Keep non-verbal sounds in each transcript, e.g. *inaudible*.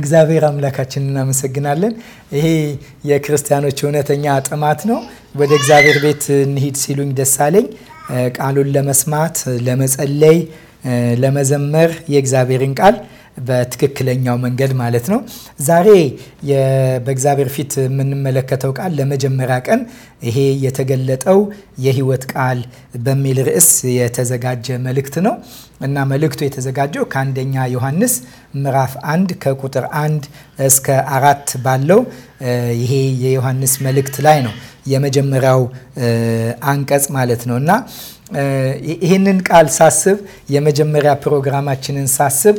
እግዚአብሔር አምላካችን እናመሰግናለን። ይሄ የክርስቲያኖች እውነተኛ ጥማት ነው። ወደ እግዚአብሔር ቤት እንሂድ ሲሉኝ ደስ አለኝ። ቃሉን ለመስማት፣ ለመጸለይ፣ ለመዘመር የእግዚአብሔርን ቃል በትክክለኛው መንገድ ማለት ነው። ዛሬ በእግዚአብሔር ፊት የምንመለከተው ቃል ለመጀመሪያ ቀን ይሄ የተገለጠው የህይወት ቃል በሚል ርዕስ የተዘጋጀ መልእክት ነው እና መልእክቱ የተዘጋጀው ከአንደኛ ዮሐንስ ምዕራፍ አንድ ከቁጥር አንድ እስከ አራት ባለው ይሄ የዮሐንስ መልእክት ላይ ነው የመጀመሪያው አንቀጽ ማለት ነው እና ይህንን ቃል ሳስብ የመጀመሪያ ፕሮግራማችንን ሳስብ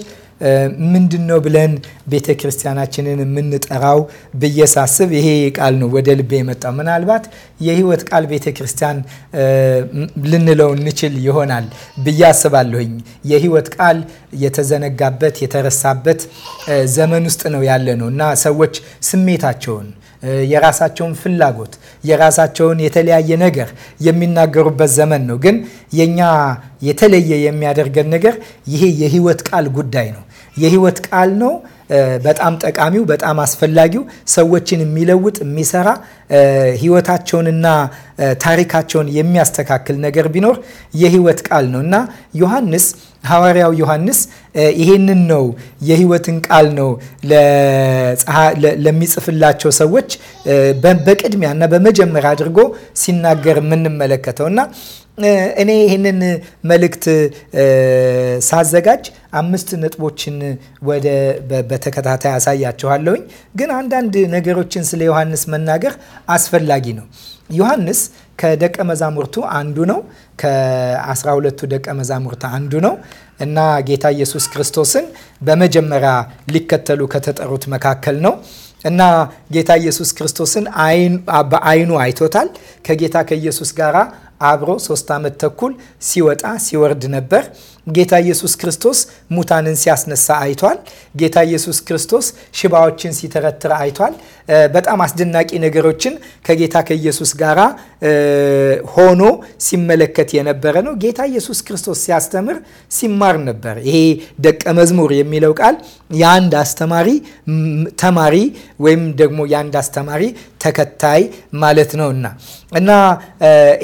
ምንድን ነው ብለን ቤተ ክርስቲያናችንን የምንጠራው ብዬ ሳስብ ይሄ ቃል ነው ወደ ልቤ የመጣው። ምናልባት የህይወት ቃል ቤተ ክርስቲያን ልንለው እንችል ይሆናል ብዬ አስባለሁኝ። የህይወት ቃል የተዘነጋበት የተረሳበት ዘመን ውስጥ ነው ያለ ነው እና ሰዎች ስሜታቸውን የራሳቸውን ፍላጎት የራሳቸውን የተለያየ ነገር የሚናገሩበት ዘመን ነው። ግን የኛ የተለየ የሚያደርገን ነገር ይሄ የህይወት ቃል ጉዳይ ነው። የህይወት ቃል ነው። በጣም ጠቃሚው በጣም አስፈላጊው ሰዎችን የሚለውጥ የሚሰራ ህይወታቸውንና ታሪካቸውን የሚያስተካክል ነገር ቢኖር የህይወት ቃል ነው እና ዮሐንስ ሐዋርያው ዮሐንስ ይሄንን ነው የህይወትን ቃል ነው ለሚጽፍላቸው ሰዎች በቅድሚያ እና በመጀመሪያ አድርጎ ሲናገር የምንመለከተው እና እኔ ይህንን መልእክት ሳዘጋጅ አምስት ነጥቦችን ወደ በተከታታይ አሳያችኋለሁኝ። ግን አንዳንድ ነገሮችን ስለ ዮሐንስ መናገር አስፈላጊ ነው። ዮሐንስ ከደቀ መዛሙርቱ አንዱ ነው። ከአስራ ሁለቱ ደቀ መዛሙርት አንዱ ነው እና ጌታ ኢየሱስ ክርስቶስን በመጀመሪያ ሊከተሉ ከተጠሩት መካከል ነው እና ጌታ ኢየሱስ ክርስቶስን በአይኑ አይቶታል። ከጌታ ከኢየሱስ ጋር አብሮ ሶስት ዓመት ተኩል ሲወጣ ሲወርድ ነበር። ጌታ ኢየሱስ ክርስቶስ ሙታንን ሲያስነሳ አይቷል። ጌታ ኢየሱስ ክርስቶስ ሽባዎችን ሲተረትር አይቷል። በጣም አስደናቂ ነገሮችን ከጌታ ከኢየሱስ ጋራ ሆኖ ሲመለከት የነበረ ነው። ጌታ ኢየሱስ ክርስቶስ ሲያስተምር ሲማር ነበር። ይሄ ደቀ መዝሙር የሚለው ቃል የአንድ አስተማሪ ተማሪ ወይም ደግሞ የአንድ አስተማሪ ተከታይ ማለት ነውና እና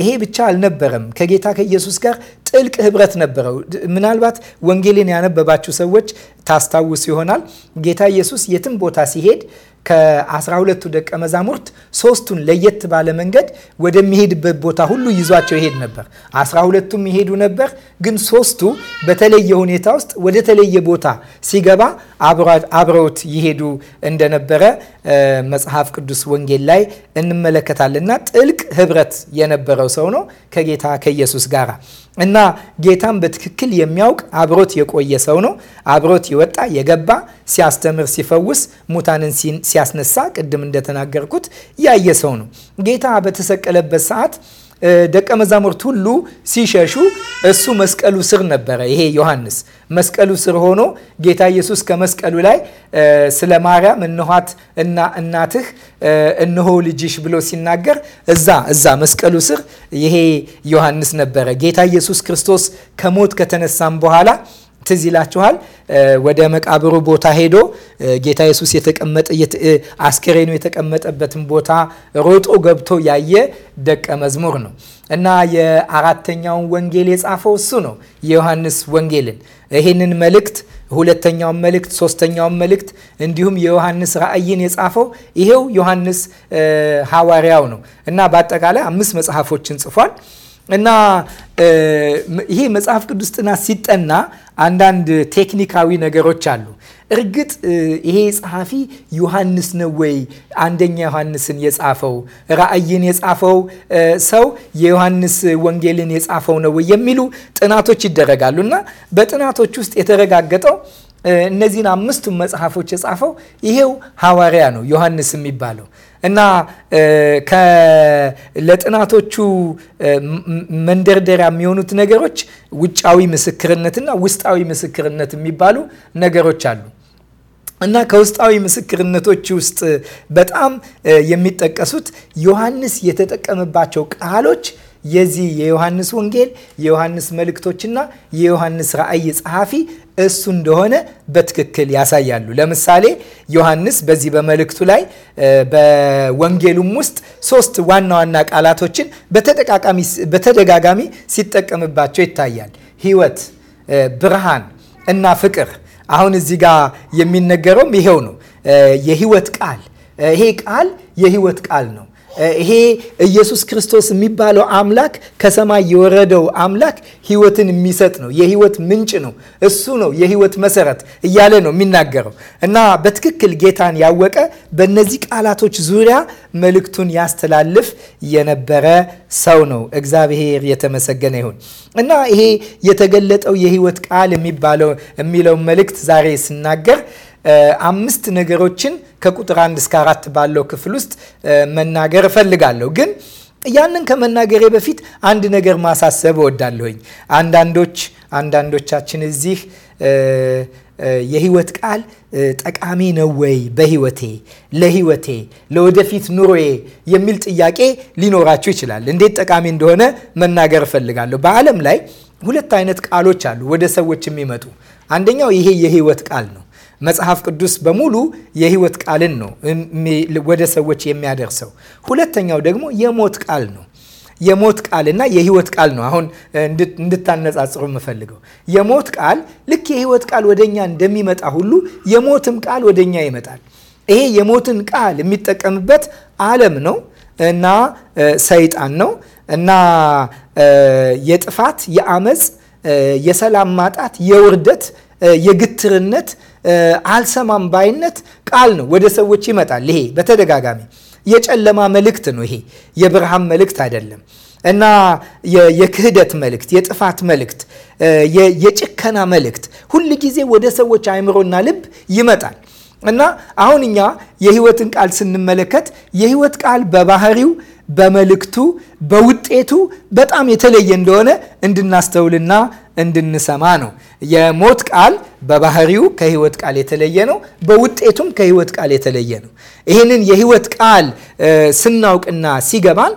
ይሄ ብቻ አልነበረም። ከጌታ ከኢየሱስ ጋር ጥልቅ ህብረት ነበረው። ምናልባት ወንጌልን ያነበባችሁ ሰዎች ታስታውስ ይሆናል። ጌታ ኢየሱስ የትም ቦታ ሲሄድ ከአስራ ሁለቱ ደቀ መዛሙርት ሶስቱን ለየት ባለ መንገድ ወደሚሄድበት ቦታ ሁሉ ይዟቸው ይሄድ ነበር። አስራ ሁለቱም ይሄዱ ነበር፣ ግን ሶስቱ በተለየ ሁኔታ ውስጥ ወደ ተለየ ቦታ ሲገባ አብረውት ይሄዱ እንደነበረ መጽሐፍ ቅዱስ ወንጌል ላይ እና ጥልቅ ህብረት የነበረው ሰው ነው ከጌታ ከኢየሱስ ጋር እና ጌታን በትክክል የሚያውቅ አብሮት የቆየ ሰው ነው። አብሮት የወጣ የገባ ሲያስተምር፣ ሲፈውስ፣ ሙታንን ሲያስነሳ፣ ቅድም እንደተናገርኩት ያየ ሰው ነው። ጌታ በተሰቀለበት ሰዓት ደቀ መዛሙርት ሁሉ ሲሸሹ እሱ መስቀሉ ስር ነበረ። ይሄ ዮሐንስ መስቀሉ ስር ሆኖ ጌታ ኢየሱስ ከመስቀሉ ላይ ስለ ማርያም እንኋት እና እናትህ እነሆ ልጅሽ ብሎ ሲናገር እዛ እዛ መስቀሉ ስር ይሄ ዮሐንስ ነበረ። ጌታ ኢየሱስ ክርስቶስ ከሞት ከተነሳም በኋላ ትዝ ይላችኋል። ወደ መቃብሩ ቦታ ሄዶ ጌታ ኢየሱስ የተቀመጠ አስከሬኑ የተቀመጠበትን ቦታ ሮጦ ገብቶ ያየ ደቀ መዝሙር ነው እና የአራተኛውን ወንጌል የጻፈው እሱ ነው። የዮሐንስ ወንጌልን ይህንን መልእክት፣ ሁለተኛውን መልእክት፣ ሶስተኛውን መልእክት እንዲሁም የዮሐንስ ራእይን የጻፈው ይሄው ዮሐንስ ሐዋርያው ነው እና በአጠቃላይ አምስት መጽሐፎችን ጽፏል። እና ይሄ መጽሐፍ ቅዱስ ጥናት ሲጠና አንዳንድ ቴክኒካዊ ነገሮች አሉ። እርግጥ ይሄ ጸሐፊ ዮሐንስ ነው ወይ? አንደኛ ዮሐንስን የጻፈው ራእይን የጻፈው ሰው የዮሐንስ ወንጌልን የጻፈው ነው ወይ የሚሉ ጥናቶች ይደረጋሉ እና በጥናቶች ውስጥ የተረጋገጠው እነዚህን አምስቱን መጽሐፎች የጻፈው ይሄው ሐዋርያ ነው ዮሐንስ የሚባለው እና ለጥናቶቹ መንደርደሪያ የሚሆኑት ነገሮች ውጫዊ ምስክርነትና ውስጣዊ ምስክርነት የሚባሉ ነገሮች አሉ። እና ከውስጣዊ ምስክርነቶች ውስጥ በጣም የሚጠቀሱት ዮሐንስ የተጠቀመባቸው ቃሎች የዚህ የዮሐንስ ወንጌል የዮሐንስ መልእክቶችና የዮሐንስ ራእይ ጸሐፊ እሱ እንደሆነ በትክክል ያሳያሉ። ለምሳሌ ዮሐንስ በዚህ በመልእክቱ ላይ በወንጌሉም ውስጥ ሶስት ዋና ዋና ቃላቶችን በተደጋጋሚ ሲጠቀምባቸው ይታያል። ህይወት ብርሃን እና ፍቅር። አሁን እዚህ ጋር የሚነገረውም ይሄው ነው። የህይወት ቃል ይሄ ቃል የህይወት ቃል ነው ይሄ ኢየሱስ ክርስቶስ የሚባለው አምላክ ከሰማይ የወረደው አምላክ ህይወትን የሚሰጥ ነው። የህይወት ምንጭ ነው። እሱ ነው የህይወት መሰረት እያለ ነው የሚናገረው እና በትክክል ጌታን ያወቀ በእነዚህ ቃላቶች ዙሪያ መልእክቱን ያስተላልፍ የነበረ ሰው ነው። እግዚአብሔር የተመሰገነ ይሁን እና ይሄ የተገለጠው የህይወት ቃል የሚባለው የሚለው መልእክት ዛሬ ስናገር አምስት ነገሮችን ከቁጥር አንድ እስከ አራት ባለው ክፍል ውስጥ መናገር እፈልጋለሁ ግን ያንን ከመናገሬ በፊት አንድ ነገር ማሳሰብ እወዳለሁኝ። አንዳንዶች አንዳንዶቻችን እዚህ የህይወት ቃል ጠቃሚ ነው ወይ በህይወቴ ለህይወቴ ለወደፊት ኑሮዬ የሚል ጥያቄ ሊኖራችሁ ይችላል። እንዴት ጠቃሚ እንደሆነ መናገር እፈልጋለሁ። በዓለም ላይ ሁለት አይነት ቃሎች አሉ ወደ ሰዎች የሚመጡ አንደኛው ይሄ የህይወት ቃል ነው መጽሐፍ ቅዱስ በሙሉ የህይወት ቃልን ነው ወደ ሰዎች የሚያደርሰው። ሁለተኛው ደግሞ የሞት ቃል ነው። የሞት ቃል የህይወት ቃል ነው። አሁን እንድታነጻጽሩ የምፈልገው የሞት ቃል ልክ የህይወት ቃል ወደኛ እንደሚመጣ ሁሉ የሞትም ቃል ወደኛ ይመጣል። ይሄ የሞትን ቃል የሚጠቀምበት ዓለም ነው እና ሰይጣን ነው እና የጥፋት፣ የአመፅ፣ የሰላም ማጣት፣ የውርደት፣ የግትርነት አልሰማም ባይነት ቃል ነው ወደ ሰዎች ይመጣል። ይሄ በተደጋጋሚ የጨለማ መልእክት ነው። ይሄ የብርሃን መልእክት አይደለም እና የክህደት መልእክት፣ የጥፋት መልእክት፣ የጭከና መልእክት ሁል ጊዜ ወደ ሰዎች አእምሮና ልብ ይመጣል እና አሁን እኛ የህይወትን ቃል ስንመለከት የህይወት ቃል በባህሪው በመልእክቱ በውጤቱ በጣም የተለየ እንደሆነ እንድናስተውልና እንድንሰማ ነው። የሞት ቃል በባህሪው ከህይወት ቃል የተለየ ነው። በውጤቱም ከህይወት ቃል የተለየ ነው። ይህንን የህይወት ቃል ስናውቅና ሲገባን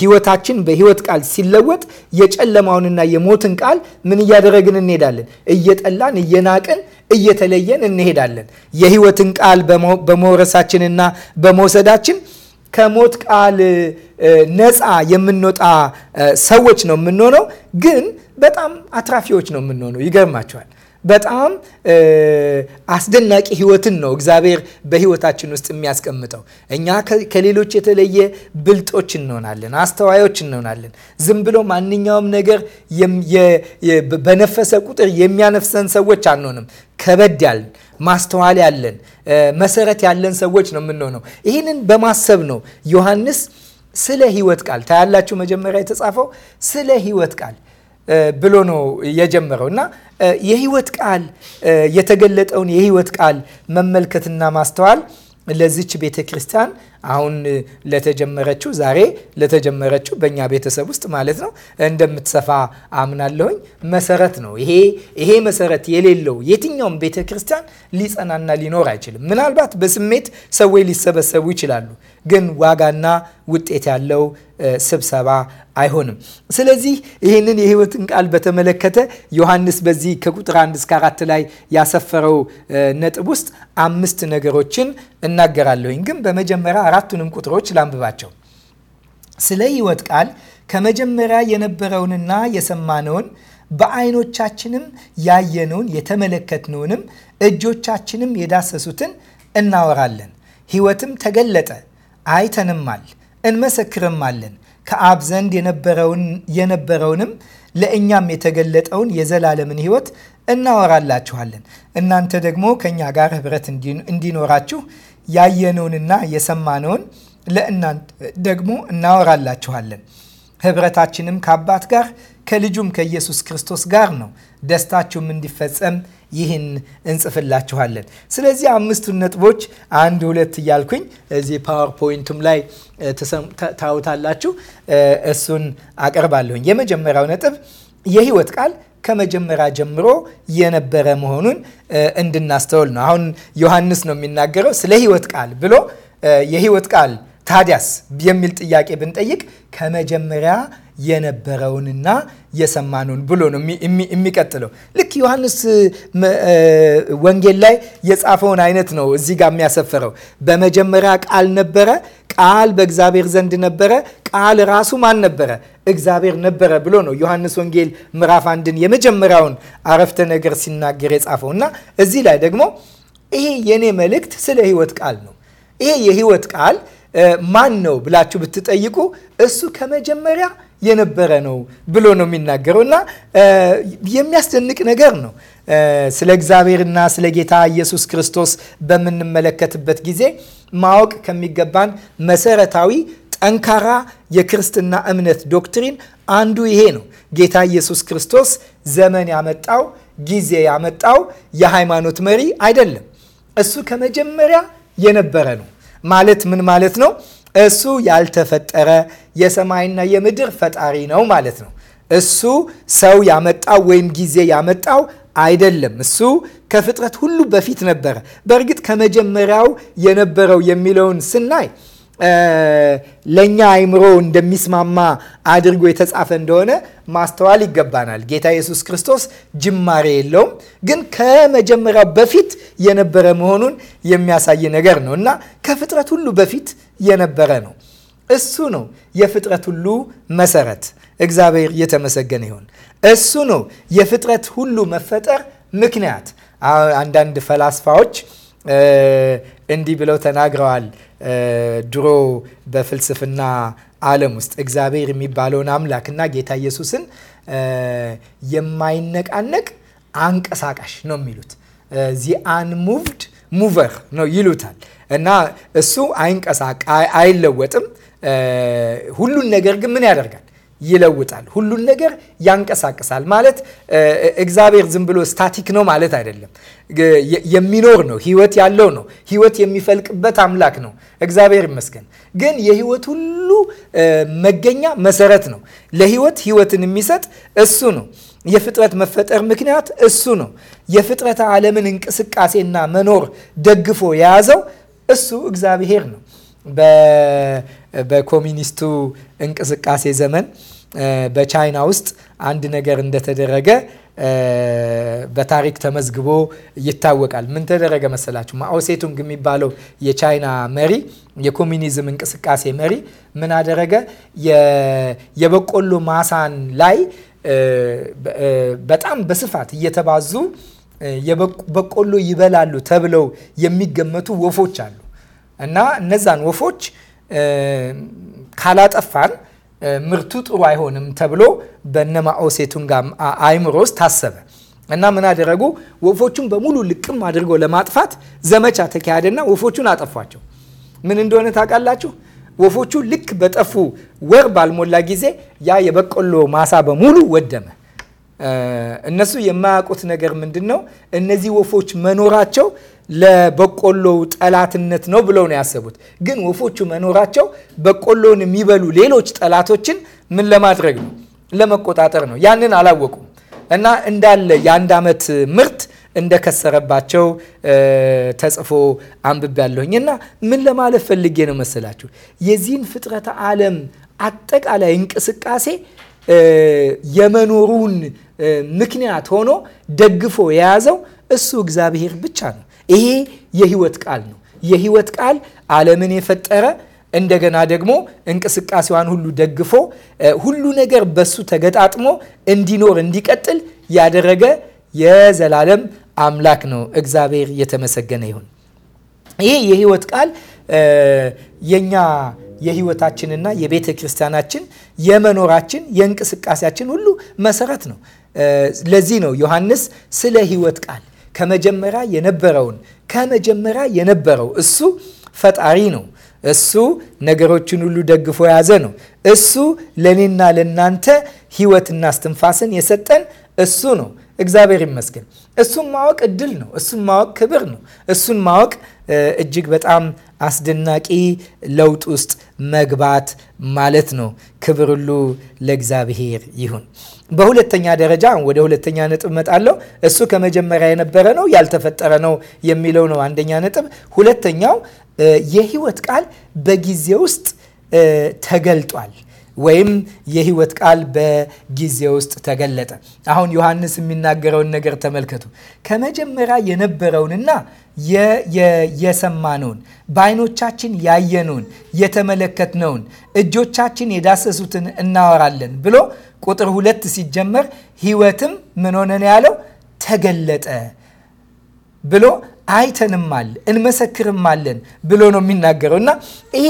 ህይወታችን በህይወት ቃል ሲለወጥ የጨለማውንና የሞትን ቃል ምን እያደረግን እንሄዳለን? እየጠላን እየናቅን እየተለየን እንሄዳለን። የህይወትን ቃል በመውረሳችንና በመውሰዳችን ከሞት ቃል ነፃ የምንወጣ ሰዎች ነው የምንሆነው። ግን በጣም አትራፊዎች ነው የምንሆነው። ይገርማቸዋል። በጣም አስደናቂ ህይወትን ነው እግዚአብሔር በህይወታችን ውስጥ የሚያስቀምጠው። እኛ ከሌሎች የተለየ ብልጦች እንሆናለን፣ አስተዋዮች እንሆናለን። ዝም ብሎ ማንኛውም ነገር በነፈሰ ቁጥር የሚያነፍሰን ሰዎች አንሆንም። ከበድ ያልን ማስተዋል ያለን መሰረት ያለን ሰዎች ነው የምንሆነው። ይህንን በማሰብ ነው ዮሐንስ ስለ ህይወት ቃል ታያላችሁ። መጀመሪያ የተጻፈው ስለ ህይወት ቃል ብሎ ነው የጀመረው እና የህይወት ቃል የተገለጠውን የህይወት ቃል መመልከትና ማስተዋል ለዚች ቤተ ክርስቲያን አሁን ለተጀመረችው ዛሬ ለተጀመረችው በእኛ ቤተሰብ ውስጥ ማለት ነው እንደምትሰፋ አምናለሁኝ። መሰረት ነው ይሄ። ይሄ መሰረት የሌለው የትኛውም ቤተ ክርስቲያን ሊጸናና ሊኖር አይችልም። ምናልባት በስሜት ሰዎች ሊሰበሰቡ ይችላሉ፣ ግን ዋጋና ውጤት ያለው ስብሰባ አይሆንም። ስለዚህ ይህንን የህይወትን ቃል በተመለከተ ዮሐንስ በዚህ ከቁጥር አንድ እስከ አራት ላይ ያሰፈረው ነጥብ ውስጥ አምስት ነገሮችን እናገራለሁኝ። ግን በመጀመሪያ አራቱንም ቁጥሮች ላንብባቸው። ስለ ሕይወት ቃል ከመጀመሪያ የነበረውንና የሰማነውን በዓይኖቻችንም ያየነውን የተመለከትነውንም እጆቻችንም የዳሰሱትን እናወራለን። ሕይወትም ተገለጠ፣ አይተንማል፣ እንመሰክርማለን ከአብ ዘንድ የነበረውንም ለእኛም የተገለጠውን የዘላለምን ሕይወት እናወራላችኋለን። እናንተ ደግሞ ከእኛ ጋር ኅብረት እንዲኖራችሁ ያየነውንና የሰማነውን ለእናንተ ደግሞ እናወራላችኋለን። ህብረታችንም ከአባት ጋር ከልጁም ከኢየሱስ ክርስቶስ ጋር ነው። ደስታችሁም እንዲፈጸም ይህን እንጽፍላችኋለን። ስለዚህ አምስቱን ነጥቦች አንድ ሁለት እያልኩኝ እዚህ ፓወርፖይንቱም ላይ ታውታላችሁ እሱን አቀርባለሁኝ። የመጀመሪያው ነጥብ የህይወት ቃል ከመጀመሪያ ጀምሮ የነበረ መሆኑን እንድናስተውል ነው። አሁን ዮሐንስ ነው የሚናገረው ስለ ሕይወት ቃል ብሎ የሕይወት ቃል ታዲያስ የሚል ጥያቄ ብንጠይቅ ከመጀመሪያ የነበረውንና የሰማነውን ብሎ ነው የሚቀጥለው። ልክ ዮሐንስ ወንጌል ላይ የጻፈውን አይነት ነው እዚህ ጋር የሚያሰፈረው። በመጀመሪያ ቃል ነበረ፣ ቃል በእግዚአብሔር ዘንድ ነበረ፣ ቃል ራሱ ማን ነበረ? እግዚአብሔር ነበረ ብሎ ነው ዮሐንስ ወንጌል ምዕራፍ አንድን የመጀመሪያውን አረፍተ ነገር ሲናገር የጻፈው እና እዚህ ላይ ደግሞ ይሄ የኔ መልእክት ስለ ህይወት ቃል ነው። ይሄ የህይወት ቃል ማን ነው ብላችሁ ብትጠይቁ እሱ ከመጀመሪያ የነበረ ነው ብሎ ነው የሚናገረው እና የሚያስደንቅ ነገር ነው። ስለ እግዚአብሔርና ስለ ጌታ ኢየሱስ ክርስቶስ በምንመለከትበት ጊዜ ማወቅ ከሚገባን መሰረታዊ ጠንካራ የክርስትና እምነት ዶክትሪን አንዱ ይሄ ነው። ጌታ ኢየሱስ ክርስቶስ ዘመን ያመጣው ጊዜ ያመጣው የሃይማኖት መሪ አይደለም። እሱ ከመጀመሪያ የነበረ ነው። ማለት ምን ማለት ነው? እሱ ያልተፈጠረ የሰማይና የምድር ፈጣሪ ነው ማለት ነው። እሱ ሰው ያመጣው ወይም ጊዜ ያመጣው አይደለም። እሱ ከፍጥረት ሁሉ በፊት ነበረ። በእርግጥ ከመጀመሪያው የነበረው የሚለውን ስናይ ለእኛ አይምሮ እንደሚስማማ አድርጎ የተጻፈ እንደሆነ ማስተዋል ይገባናል። ጌታ ኢየሱስ ክርስቶስ ጅማሬ የለውም፣ ግን ከመጀመሪያው በፊት የነበረ መሆኑን የሚያሳይ ነገር ነው እና ከፍጥረት ሁሉ በፊት የነበረ ነው። እሱ ነው የፍጥረት ሁሉ መሰረት። እግዚአብሔር የተመሰገነ ይሁን። እሱ ነው የፍጥረት ሁሉ መፈጠር ምክንያት። አንዳንድ ፈላስፋዎች እንዲህ ብለው ተናግረዋል። ድሮ በፍልስፍና ዓለም ውስጥ እግዚአብሔር የሚባለውን አምላክና ጌታ ኢየሱስን የማይነቃነቅ አንቀሳቃሽ ነው የሚሉት ዚ አንሙቭድ ሙቨር ነው ይሉታል። እና እሱ አይንቀሳቅ አይለወጥም። ሁሉን ነገር ግን ምን ያደርጋል? ይለውጣል፣ ሁሉን ነገር ያንቀሳቅሳል። ማለት እግዚአብሔር ዝም ብሎ ስታቲክ ነው ማለት አይደለም። የሚኖር ነው፣ ህይወት ያለው ነው፣ ህይወት የሚፈልቅበት አምላክ ነው። እግዚአብሔር ይመስገን። ግን የህይወት ሁሉ መገኛ መሰረት ነው። ለህይወት ህይወትን የሚሰጥ እሱ ነው። የፍጥረት መፈጠር ምክንያት እሱ ነው። የፍጥረት ዓለምን እንቅስቃሴና መኖር ደግፎ የያዘው እሱ እግዚአብሔር ነው። በኮሚኒስቱ እንቅስቃሴ ዘመን በቻይና ውስጥ አንድ ነገር እንደተደረገ በታሪክ ተመዝግቦ ይታወቃል። ምን ተደረገ መሰላችሁ? ማኦሴቱንግ የሚባለው የቻይና መሪ፣ የኮሚኒዝም እንቅስቃሴ መሪ ምን አደረገ? የበቆሎ ማሳን ላይ በጣም በስፋት እየተባዙ በቆሎ ይበላሉ ተብለው የሚገመቱ ወፎች አሉ እና እነዛን ወፎች ካላጠፋን ምርቱ ጥሩ አይሆንም ተብሎ በነማኦ ጋር አይምሮ ውስጥ ታሰበ እና ምን አደረጉ? ወፎቹን በሙሉ ልቅም አድርጎ ለማጥፋት ዘመቻ ተካሄደና ወፎቹን አጠፏቸው። ምን እንደሆነ ታውቃላችሁ? ወፎቹ ልክ በጠፉ ወር ባልሞላ ጊዜ ያ የበቆሎ ማሳ በሙሉ ወደመ። እነሱ የማያውቁት ነገር ምንድን ነው? እነዚህ ወፎች መኖራቸው ለበቆሎው ጠላትነት ነው ብለው ነው ያሰቡት። ግን ወፎቹ መኖራቸው በቆሎውን የሚበሉ ሌሎች ጠላቶችን ምን ለማድረግ ነው? ለመቆጣጠር ነው። ያንን አላወቁም እና እንዳለ የአንድ ዓመት ምርት እንደከሰረባቸው ተጽፎ አንብቤ ያለሁኝ እና ምን ለማለት ፈልጌ ነው መሰላችሁ የዚህን ፍጥረተ ዓለም አጠቃላይ እንቅስቃሴ የመኖሩን ምክንያት ሆኖ ደግፎ የያዘው እሱ እግዚአብሔር ብቻ ነው። ይሄ የህይወት ቃል ነው። የህይወት ቃል ዓለምን የፈጠረ እንደገና ደግሞ እንቅስቃሴዋን ሁሉ ደግፎ ሁሉ ነገር በሱ ተገጣጥሞ እንዲኖር እንዲቀጥል ያደረገ የዘላለም አምላክ ነው። እግዚአብሔር የተመሰገነ ይሁን። ይሄ የህይወት ቃል የኛ የህይወታችንና የቤተ ክርስቲያናችን የመኖራችን የእንቅስቃሴያችን ሁሉ መሰረት ነው። ለዚህ ነው ዮሐንስ ስለ ህይወት ቃል ከመጀመሪያ የነበረውን ከመጀመሪያ የነበረው እሱ ፈጣሪ ነው። እሱ ነገሮችን ሁሉ ደግፎ የያዘ ነው። እሱ ለእኔና ለእናንተ ሕይወትና እስትንፋስን የሰጠን እሱ ነው። እግዚአብሔር ይመስገን። እሱን ማወቅ እድል ነው። እሱን ማወቅ ክብር ነው። እሱን ማወቅ እጅግ በጣም አስደናቂ ለውጥ ውስጥ መግባት ማለት ነው። ክብር ሁሉ ለእግዚአብሔር ይሁን። በሁለተኛ ደረጃ ወደ ሁለተኛ ነጥብ መጣለሁ። እሱ ከመጀመሪያ የነበረ ነው ያልተፈጠረ ነው የሚለው ነው አንደኛ ነጥብ። ሁለተኛው የህይወት ቃል በጊዜ ውስጥ ተገልጧል። ወይም የህይወት ቃል በጊዜ ውስጥ ተገለጠ። አሁን ዮሐንስ የሚናገረውን ነገር ተመልከቱ። ከመጀመሪያ የነበረውንና የሰማነውን በአይኖቻችን ያየነውን የተመለከትነውን እጆቻችን የዳሰሱትን እናወራለን ብሎ ቁጥር ሁለት ሲጀመር ህይወትም ምን ሆነን ያለው ተገለጠ ብሎ አይተንማል እንመሰክርማለን ብሎ ነው የሚናገረው። እና ይሄ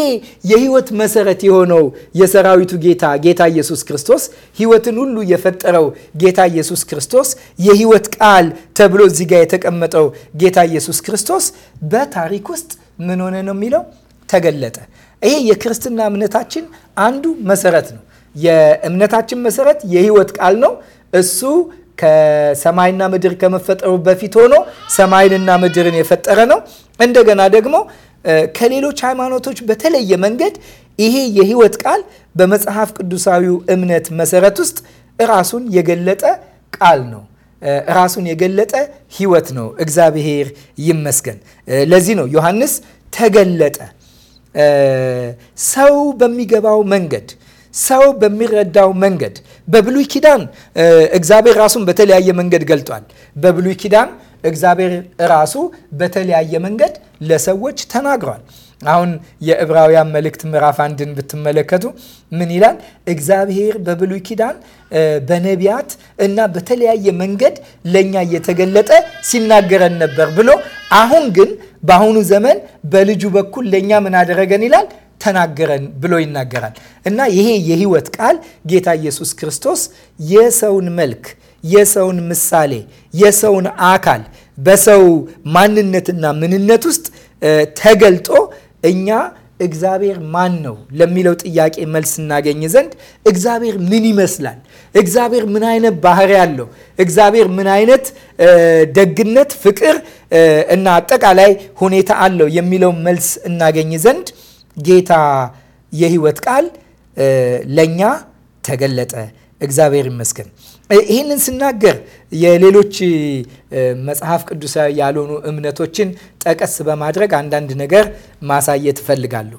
የህይወት መሰረት የሆነው የሰራዊቱ ጌታ ጌታ ኢየሱስ ክርስቶስ ህይወትን ሁሉ የፈጠረው ጌታ ኢየሱስ ክርስቶስ የህይወት ቃል ተብሎ እዚህ ጋር የተቀመጠው ጌታ ኢየሱስ ክርስቶስ በታሪክ ውስጥ ምን ሆነ ነው የሚለው ተገለጠ። ይሄ የክርስትና እምነታችን አንዱ መሰረት ነው። የእምነታችን መሰረት የህይወት ቃል ነው። እሱ ከሰማይና ምድር ከመፈጠሩ በፊት ሆኖ ሰማይንና ምድርን የፈጠረ ነው። እንደገና ደግሞ ከሌሎች ሃይማኖቶች በተለየ መንገድ ይሄ የህይወት ቃል በመጽሐፍ ቅዱሳዊው እምነት መሰረት ውስጥ ራሱን የገለጠ ቃል ነው። ራሱን የገለጠ ህይወት ነው። እግዚአብሔር ይመስገን። ለዚህ ነው ዮሐንስ ተገለጠ። ሰው በሚገባው መንገድ፣ ሰው በሚረዳው መንገድ በብሉይ ኪዳን እግዚአብሔር ራሱን በተለያየ መንገድ ገልጧል። በብሉይ ኪዳን እግዚአብሔር ራሱ በተለያየ መንገድ ለሰዎች ተናግሯል። አሁን የዕብራውያን መልእክት ምዕራፍ አንድን ብትመለከቱ ምን ይላል? እግዚአብሔር በብሉይ ኪዳን በነቢያት እና በተለያየ መንገድ ለእኛ እየተገለጠ ሲናገረን ነበር ብሎ አሁን ግን በአሁኑ ዘመን በልጁ በኩል ለእኛ ምን አደረገን ይላል ተናገረን ብሎ ይናገራል እና ይሄ የህይወት ቃል ጌታ ኢየሱስ ክርስቶስ የሰውን መልክ፣ የሰውን ምሳሌ፣ የሰውን አካል በሰው ማንነትና ምንነት ውስጥ ተገልጦ እኛ እግዚአብሔር ማን ነው ለሚለው ጥያቄ መልስ እናገኝ ዘንድ እግዚአብሔር ምን ይመስላል? እግዚአብሔር ምን አይነት ባህሪ ያለው? እግዚአብሔር ምን አይነት ደግነት፣ ፍቅር እና አጠቃላይ ሁኔታ አለው የሚለው መልስ እናገኝ ዘንድ ጌታ የህይወት ቃል ለእኛ ተገለጠ። እግዚአብሔር ይመስገን። ይህንን ስናገር የሌሎች መጽሐፍ ቅዱሳዊ ያልሆኑ እምነቶችን ጠቀስ በማድረግ አንዳንድ ነገር ማሳየት እፈልጋለሁ።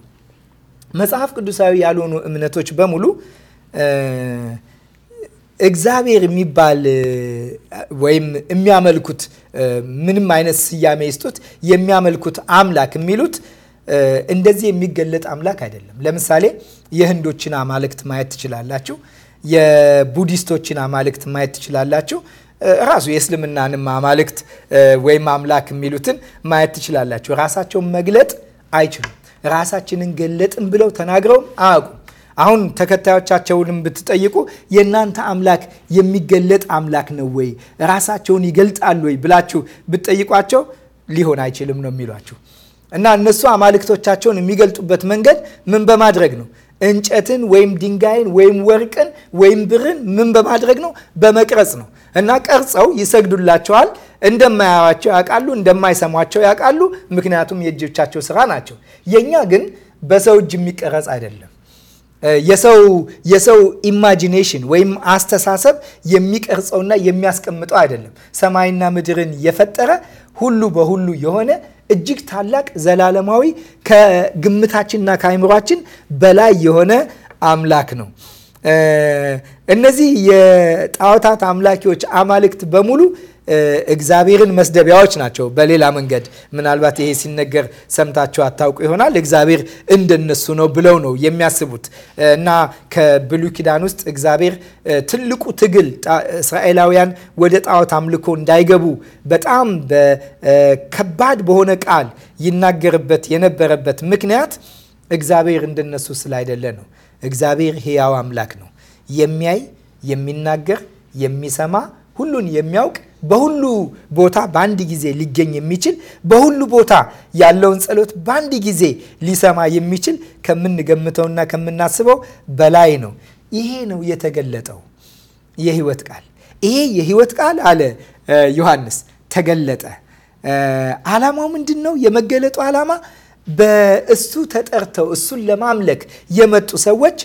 መጽሐፍ ቅዱሳዊ ያልሆኑ እምነቶች በሙሉ እግዚአብሔር የሚባል ወይም የሚያመልኩት ምንም አይነት ስያሜ ይስጡት የሚያመልኩት አምላክ የሚሉት እንደዚህ የሚገለጥ አምላክ አይደለም። ለምሳሌ የህንዶችን አማልክት ማየት ትችላላችሁ። የቡዲስቶችን አማልክት ማየት ትችላላችሁ። ራሱ የእስልምናንም አማልክት ወይም አምላክ የሚሉትን ማየት ትችላላችሁ። ራሳቸውን መግለጥ አይችሉም። ራሳችንን ገለጥን ብለው ተናግረውም አያውቁም። አሁን ተከታዮቻቸውንም ብትጠይቁ የእናንተ አምላክ የሚገለጥ አምላክ ነው ወይ ራሳቸውን ይገልጣሉ ወይ ብላችሁ ብትጠይቋቸው ሊሆን አይችልም ነው የሚሏችሁ። እና እነሱ አማልክቶቻቸውን የሚገልጡበት መንገድ ምን በማድረግ ነው? እንጨትን ወይም ድንጋይን ወይም ወርቅን ወይም ብርን ምን በማድረግ ነው? በመቅረጽ ነው። እና ቀርጸው ይሰግዱላቸዋል። እንደማያዋቸው ያውቃሉ፣ እንደማይሰሟቸው ያውቃሉ። ምክንያቱም የእጆቻቸው ስራ ናቸው። የእኛ ግን በሰው እጅ የሚቀረጽ አይደለም። የሰው ኢማጂኔሽን ወይም አስተሳሰብ የሚቀርጸውና የሚያስቀምጠው አይደለም። ሰማይና ምድርን የፈጠረ ሁሉ በሁሉ የሆነ እጅግ ታላቅ ዘላለማዊ ከግምታችንና ከአይምሯችን በላይ የሆነ አምላክ ነው። እነዚህ የጣዖታት አምላኪዎች አማልክት በሙሉ እግዚአብሔርን መስደቢያዎች ናቸው። በሌላ መንገድ ምናልባት ይሄ ሲነገር ሰምታችሁ አታውቁ ይሆናል። እግዚአብሔር እንደነሱ ነው ብለው ነው የሚያስቡት እና ከብሉይ ኪዳን ውስጥ እግዚአብሔር ትልቁ ትግል እስራኤላውያን ወደ ጣዖት አምልኮ እንዳይገቡ በጣም በከባድ በሆነ ቃል ይናገርበት የነበረበት ምክንያት እግዚአብሔር እንደነሱ ስላይደለ ነው። እግዚአብሔር ሕያው አምላክ ነው። የሚያይ የሚናገር፣ የሚሰማ፣ ሁሉን የሚያውቅ በሁሉ ቦታ በአንድ ጊዜ ሊገኝ የሚችል በሁሉ ቦታ ያለውን ጸሎት በአንድ ጊዜ ሊሰማ የሚችል ከምንገምተውና ከምናስበው በላይ ነው። ይሄ ነው የተገለጠው የህይወት ቃል። ይሄ የህይወት ቃል አለ ዮሐንስ ተገለጠ። ዓላማው ምንድን ነው? የመገለጡ ዓላማ በእሱ ተጠርተው እሱን ለማምለክ የመጡ ሰዎች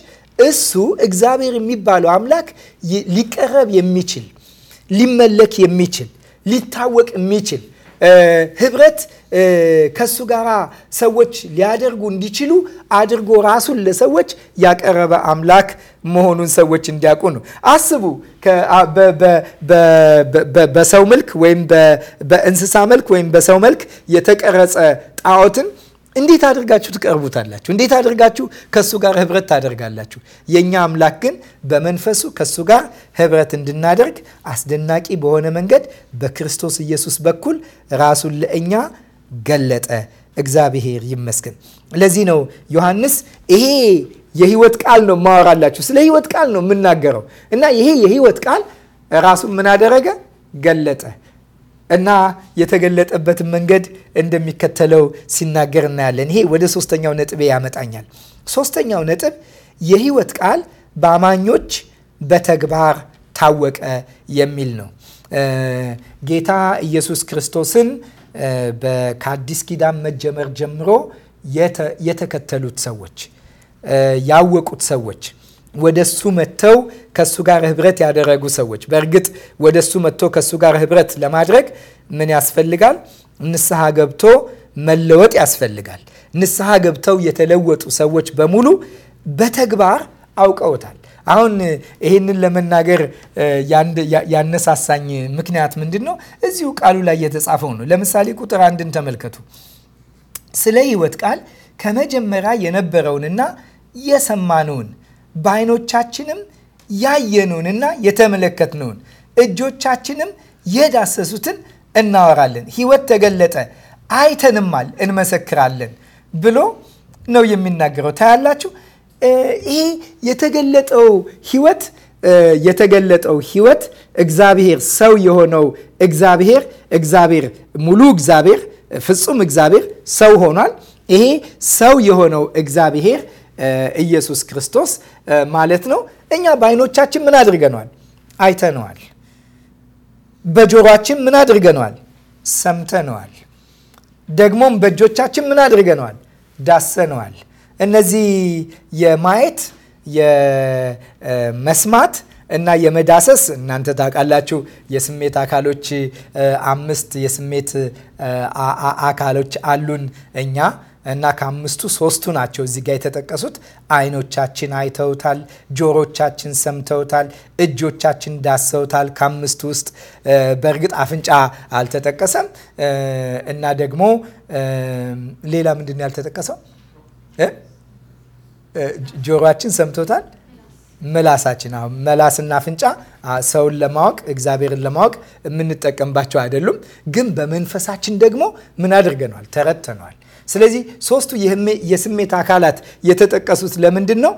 እሱ እግዚአብሔር የሚባለው አምላክ ሊቀረብ የሚችል ሊመለክ የሚችል ሊታወቅ የሚችል ህብረት ከሱ ጋር ሰዎች ሊያደርጉ እንዲችሉ አድርጎ ራሱን ለሰዎች ያቀረበ አምላክ መሆኑን ሰዎች እንዲያውቁ ነው። አስቡ በሰው መልክ ወይም በእንስሳ መልክ ወይም በሰው መልክ የተቀረጸ ጣዖትን እንዴት አድርጋችሁ ትቀርቡታላችሁ? እንዴት አድርጋችሁ ከእሱ ጋር ህብረት ታደርጋላችሁ? የእኛ አምላክ ግን በመንፈሱ ከእሱ ጋር ህብረት እንድናደርግ አስደናቂ በሆነ መንገድ በክርስቶስ ኢየሱስ በኩል ራሱን ለእኛ ገለጠ። እግዚአብሔር ይመስገን። ለዚህ ነው ዮሐንስ ይሄ የህይወት ቃል ነው ማወራላችሁ። ስለ ህይወት ቃል ነው የምናገረው እና ይሄ የህይወት ቃል ራሱን ምን አደረገ? ገለጠ። እና የተገለጠበትን መንገድ እንደሚከተለው ሲናገር እናያለን። ይሄ ወደ ሶስተኛው ነጥቤ ያመጣኛል። ሶስተኛው ነጥብ የህይወት ቃል በአማኞች በተግባር ታወቀ የሚል ነው። ጌታ ኢየሱስ ክርስቶስን ከአዲስ ኪዳን መጀመር ጀምሮ የተከተሉት ሰዎች ያወቁት ሰዎች ወደ እሱ መጥተው ከእሱ ጋር ህብረት ያደረጉ ሰዎች በእርግጥ ወደ እሱ መጥተው ከእሱ ጋር ህብረት ለማድረግ ምን ያስፈልጋል? ንስሐ ገብቶ መለወጥ ያስፈልጋል። ንስሐ ገብተው የተለወጡ ሰዎች በሙሉ በተግባር አውቀውታል። አሁን ይህንን ለመናገር ያነሳሳኝ ምክንያት ምንድን ነው? እዚሁ ቃሉ ላይ የተጻፈው ነው። ለምሳሌ ቁጥር አንድን ተመልከቱ። ስለ ህይወት ቃል ከመጀመሪያ የነበረውንና የሰማነውን በዓይኖቻችንም ያየነውንና የተመለከትነውን እጆቻችንም የዳሰሱትን እናወራለን። ሕይወት ተገለጠ፣ አይተንማል፣ እንመሰክራለን ብሎ ነው የሚናገረው። ታያላችሁ፣ ይሄ የተገለጠው ሕይወት የተገለጠው ሕይወት እግዚአብሔር ሰው የሆነው እግዚአብሔር እግዚአብሔር ሙሉ እግዚአብሔር ፍጹም እግዚአብሔር ሰው ሆኗል። ይሄ ሰው የሆነው እግዚአብሔር ኢየሱስ ክርስቶስ ማለት ነው። እኛ በአይኖቻችን ምን አድርገነዋል? አይተነዋል። በጆሮአችን ምን አድርገነዋል? ሰምተነዋል። ደግሞም በእጆቻችን ምን አድርገነዋል? ዳሰነዋል። እነዚህ የማየት የመስማት እና የመዳሰስ እናንተ ታውቃላችሁ፣ የስሜት አካሎች አምስት የስሜት አካሎች አሉን እኛ እና ከአምስቱ ሶስቱ ናቸው እዚህ ጋር የተጠቀሱት። አይኖቻችን አይተውታል፣ ጆሮቻችን ሰምተውታል፣ እጆቻችን ዳሰውታል። ከአምስቱ ውስጥ በእርግጥ አፍንጫ አልተጠቀሰም። እና ደግሞ ሌላ ምንድን ነው ያልተጠቀሰው? ጆሮችን ሰምተውታል ምላሳችን አሁን መላስና አፍንጫ ሰውን ለማወቅ እግዚአብሔርን ለማወቅ የምንጠቀምባቸው አይደሉም። ግን በመንፈሳችን ደግሞ ምን አድርገነዋል? ተረድተነዋል። ስለዚህ ሶስቱ የስሜት አካላት የተጠቀሱት ለምንድን ነው?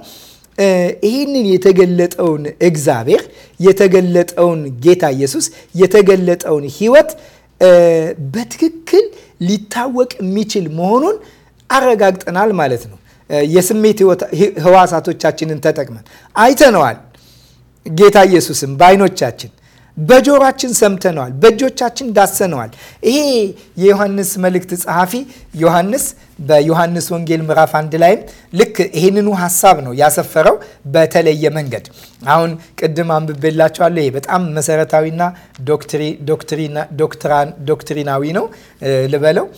ይህንን የተገለጠውን እግዚአብሔር የተገለጠውን ጌታ ኢየሱስ የተገለጠውን ሕይወት በትክክል ሊታወቅ የሚችል መሆኑን አረጋግጠናል ማለት ነው። የስሜት ህዋሳቶቻችንን ተጠቅመን አይተነዋል። ጌታ ኢየሱስም በአይኖቻችን በጆሮአችን ሰምተነዋል፣ በእጆቻችን ዳሰነዋል። ይሄ የዮሐንስ መልእክት ጸሐፊ ዮሐንስ በዮሐንስ ወንጌል ምዕራፍ አንድ ላይም ልክ ይህንኑ ሀሳብ ነው ያሰፈረው በተለየ መንገድ። አሁን ቅድም አንብቤላቸዋለሁ። ይሄ በጣም መሰረታዊና ዶክትሪናዊ ነው ልበለው።